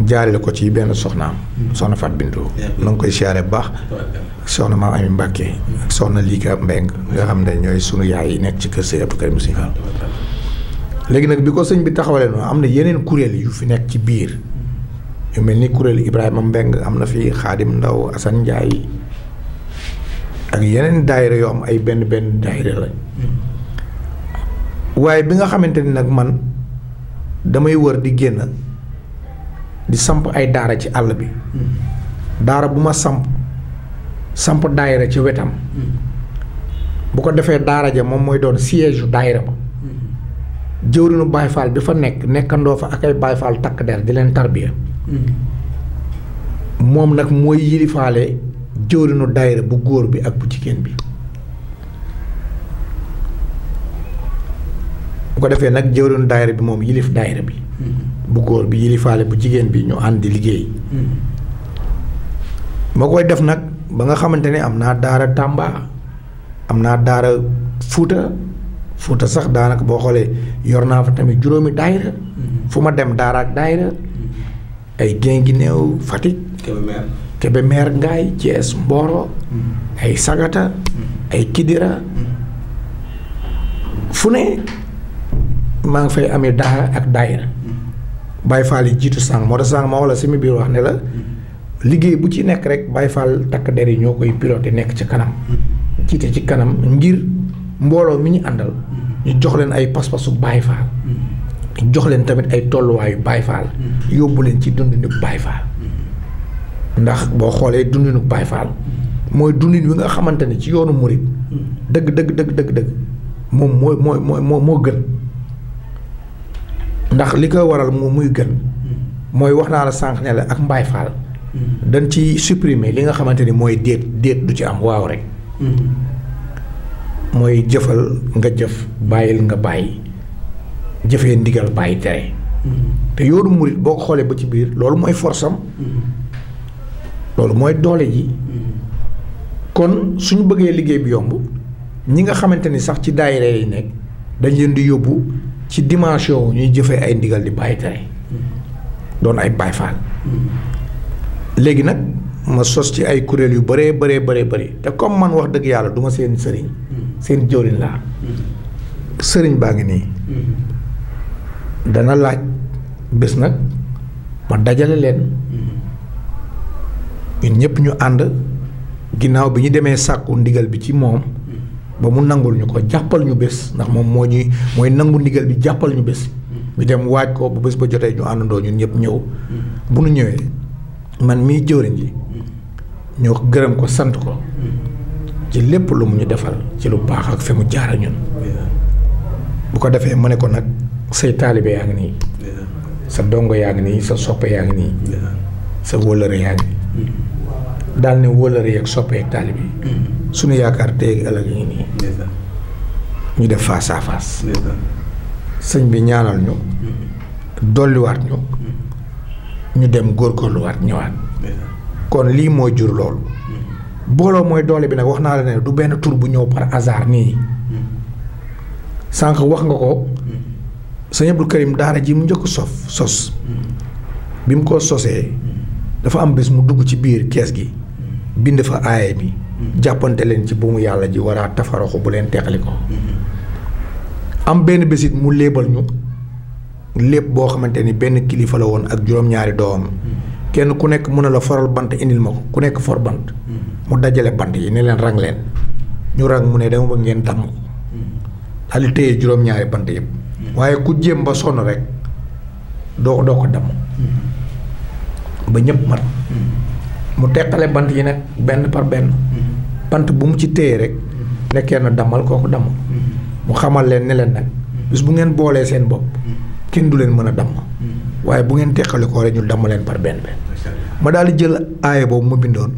jaarale ko ci benn soxnaam soxna Fat Bintu na koy siyaare bu baax soxna maam Ami Mbàkke ak soxna Lika Mbeng nga xam ne ñooy sunu yaay yi nekk ci kër sëñ Abdou Karim Sy léegi nag bi ko sëñ bi taxawalee noonu am na yeneen kuréel yu fi nekk ci biir yu mel ni kuréel Ibrahima Mbeng am na fi Xaadim Ndaw Asan Njaay ak yeneen daayira yoo xam ay benn benn daayira lañ mm-hmm. waaye bi nga xamante ni nag man damay wër di génn di samp ay daara ci àll bi mm-hmm. daara bu ma samp samp daayira ci wetam mm-hmm. bu ko defee daara ja moom mooy doon siège yu daayira ba jëwrinu Baay Faal bi fa nekk nekkandoo fa ak ay Baay Faal takk der di leen tarbiya Mm-hmm. moom nag mooy yilifaale jëwrinu daayira bu góor bi ak bu jigéen bi bu ko defee nag jëwrinu daayira bi moom yilif daayira bi mm-hmm. bu góor bi yilifaale bu jigéen bi ñu ànd liggéey mm-hmm. ma koy def nag ba nga xamante ne am naa daara Tàmba am naa daara Fuuta Fuuta sax daanaka boo xoolee yor naa fa tamit juróomi daayira fu ma dem daara ak daayira ay Guinguinéo Fatick. Kébémer Kébémer Ngaay Thiès Mboro. Mm-hmm. ay Sagata. Mm-hmm. ay Kidira. Mm-hmm. fu ne maa ngi fay amee daara ak daayira. Baye Fall yi jiitu sànq moo tax sànq ma wala simi wax ne la. liggéey bu ci nekk rek Baye Fall takk der yi ñoo koy piloté nekk ci kanam. jiite ci kanam ngir mbooloo mi ñu àndal. ñu jox leen ay pas-pasu Baye jox leen tamit ay tolluwaayu Baay Faal mm. yóbbu leen ci dundinu Baay Faal mm. ndax boo xoolee dundinu Baay Faal mooy dundin bi nga xamante ne ci yoonu murit mm. dëgg dëgg dëgg dëgg moom mooy mooy moo gën ndax li ko waral moom muy gën mooy wax naa la sànq ne la ak Baay Faal dañ ci supprimer li nga xamante ni mooy déet déet du ci am waaw rek mooy jëfal nga jëf bàyyil nga bàyyi jëfee ndigal bàyyi tere. Mm-hmm. te yoonu murit boo xoolee ba ci biir loolu mooy force mm-hmm. loolu mooy doole ji. Mm-hmm. kon suñu bëggee liggéey bi yomb ñi nga xamante ni sax ci daayira yi nekk dañ leen di yóbbu ci dimension ñuy jëfe ay ndigal di bàyyi tere. doon ay Baay Faal. léegi nag ma sos ci ay kuréel yu bëree bëree bëree bëri te comme man wax dëgg yàlla duma seen sëriñ. seen jëwriñ laa. sëriñ baa ngi nii. dana laaj bés nag ma dajale leen ñun ñëpp ñu ànd ginnaaw bi ñu demee sàkku ndigal bi ci moom ba mu nangul ñu ko jàppal ñu bés ndax moom moo ñuy mooy nangu ndigal bi jàppal ñu bés ñu dem waaj ko bu bés ba jotee ñu àndandoo ñun ñëpp ñëw bu nu ñëwee man mii jëwriñ ji ñoo gërëm ko sant ko ci lépp lu mu ñu defal ci lu baax ak fi mu jaara ñun bu ko defee mu ne ko nag say taalibe yaa ngi nii sa dongo yaa ngi nii sa soppe yaa ngi nii sa wóllëre yaa ngi nii mm. daal ne wóllëre yeeg soppe yeeg taalibe yi mm. suñu yaakaar tey ëllëg ngi ñu def face à sëñ bi ñaanal ñu mm. dolliwaat ñu ñu dem góorgóorluwaat ñëwaat kon lii mooy jur loolu booloo mooy doole bi nag wax naa la ne du benn tur bu ñëw par hasard nii sànq wax nga ko sëñ Abdou Karim daara ji mu njëkk sof sos bi mu ko sosee dafa am bés mu dugg ci biir kees gi bind fa aaye jàppante leen ci bu yàlla ji war a bu leen teqali ko am benn bésit mu léebal ñu lépp boo xamante ni benn kilifa la woon ak juróom-ñaari doom kenn ku nekk mun a la faral bant indil ma ko ku nekk for bant mu dajale bant yi ne leen rang leen ñu rang mu ne dama bëgg ngeen damm ko daal téye juróom-ñaari bant yëpp waaye ku jéem ba sonn rek doo doo ko dam mm-hmm. ba ñëpp mat mm-hmm. mu teqale bant yi nag benn par benn mm-hmm. bant bu mu ci téye rek nekkee na damal kooku damal mu xamal leen ne leen nag bis bu ngeen boolee seen bopp kenn du leen mën a damm waaye bu ngeen teqale ko rek ñu damm leen par benn benn ma daal di jël aaya boobu ma bindoon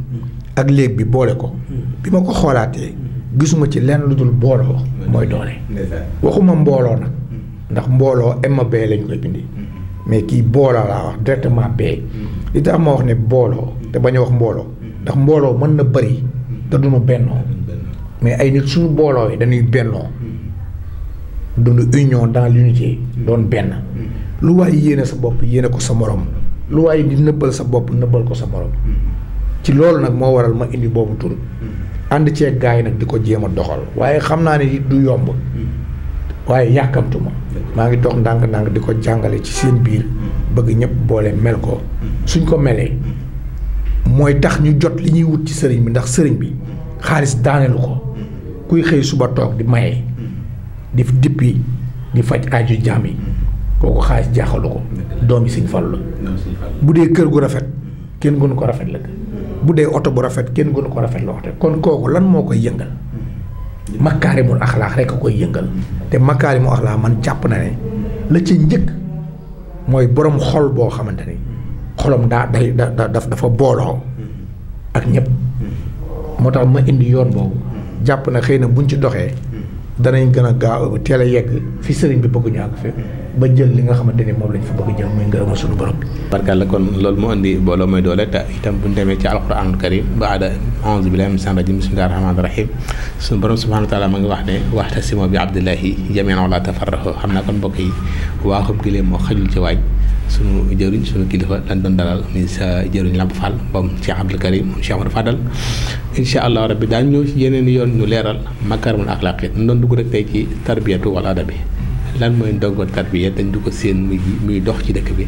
ak léeg bi boole ko bi ma ko xoolaatee gisuma ci lenn lu dul booloo mooy doole waxuma mbooloo nag ndax mbooloo MB lañ koy bindi mm-hmm. mais kii boolaa laa wax directement B mm-hmm. li tax ma wax ne booloo te bañ a wax mbooloo mm-hmm. ndax mbooloo mën na bëri te du duñu bennoo mais ay nit suñu booloo yi dañuy bennoo dund union dans l'unité doon benn lu waay yéene sa bopp yéene ko sa moroom lu waay di nëbbal sa bopp nëbbal ko sa morom ci loolu nag moo waral ma indi boobu tur ànd ceeg gars yi nag di ko jéem a doxal waaye xam naa ne du yomb waaye yàkkamtuma maa ngi dox ndànk-ndànk di ko jàngale ci seen biir bëgg ñëpp boole mel ko suñ ko melee mooy tax ñu jot li ñuy wut ci sëriñ bi ndax sëriñ bi xaalis daaneelu ko kuy xëy suba toog di maye di dippi di faj aaju jaam yi kooku xaalis jaaxalu ko doom yi siñ Fallu la bu dee kër gu rafet kenn gënu ko rafet la bu dee oto bu rafet kenn gënu ko rafet la waxte kon kooku lan moo koy yëngal makaarimul axlaax rek a koy yëngal te makaarimul axlaax man jàpp na ne la ci njëkk mooy borom xol boo xamante ni xolom daa day da dafa booloo ak ñëpp moo tax ma indi yoon boobu jàpp na xëy na buñ ci doxee danañ gën a gaaw teel a yegg fi sëriñ bi bëgguñu àgg fi ba jël li nga xamante ni moom lañ fa bëgg jël muy ngërëmal suñu borom bi barkàlla kon loolu moo indi booloo mooy doole te itam buñu demee ci alquranul karim ba ada a'uuzu billahi mina shaytaani rajiim bismillahi rahmaani rahiim suñu borom subhaanahu wa taala ma ngi wax ne wa'tasimu bi abdillahi jamii'an wa laa tafarraqu xam naa kon mbokk yi waaxum giléem moo xajul ci waaj sunu jëriñ sunu kilifa lañ doon dalal muy sa jëriñ Lamp Fall moom Cheikh Abdoul Karim Cheikh allah rabbi daañu ñëw ci yeneen yoon ñu leeral makarimul axlaaq yi doon dugg rek tey ci tarbiyatu lan mooy ndongo tarbiya dañ du ko seen muy muy dox ci dëkk bi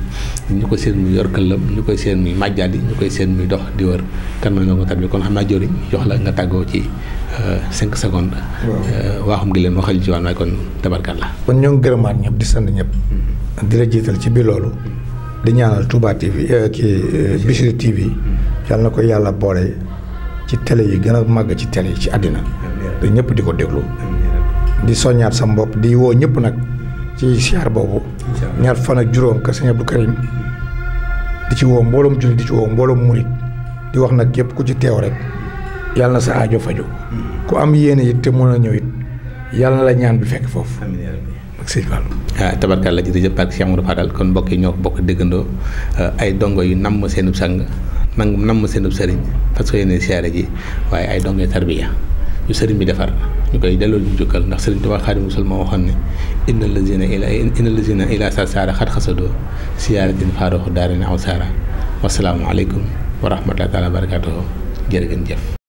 ñu ko seen muy yor këllam ñu koy seen muy màjjaat yi ñu koy seen muy dox di wër kan mooy ndongo tarbiya kon xam naa jëriñ jox la nga tàggoo ci euh, cinq secondes. waaw euh, waaxum gi leen waxal ji waan waaye kon tabarkàlla. kon ñoo ngi gërëmaat ñëpp di sant ñëpp. Mm-hmm. di la jiital ci biir loolu. di ñaanal Touba TV euh, kii Bichri TV. Mm-hmm. yàlla na ko yàlla boole ci télé yi gën màgg ci télé yi ci àddina. ñëpp di ko déglu. di soññaat sa mbopp di woo ñëpp nag. ci siyaar boobu. ñaar fan ak juróom ka sëñ Abdou Karim di ci woo mbooloom jullit di ci woo mbooloom murit di wax nag képp ku ci teew rek yàlla na sa ajo faju hmm. ku am yéene it te mën a ñëw it yàlla na la ñaan bi fekk foofu. ak sëñ Fall. ah tabarkalla jërëjëf Barke Cheikh Amadou kon mbokk yi ñoo ko bokk déggandoo ah, ay dongo yu namm seenub sang nang namm seenub sëriñ fas yenn siyaare ji waaye ay dongo tarbiya ñu sëriñ bi defar ñu koy delloo ñu jukkal ndax sëriñ Tuubaa Xaadimu Rasuul moo waxoon ne inna lazina ila inna lazina ila sa saara xat xasadoo siyaaratin faaroxu daara naxaw saara wasalaamu aleykum wa rahmatullahi taala wa barakatuhu jëf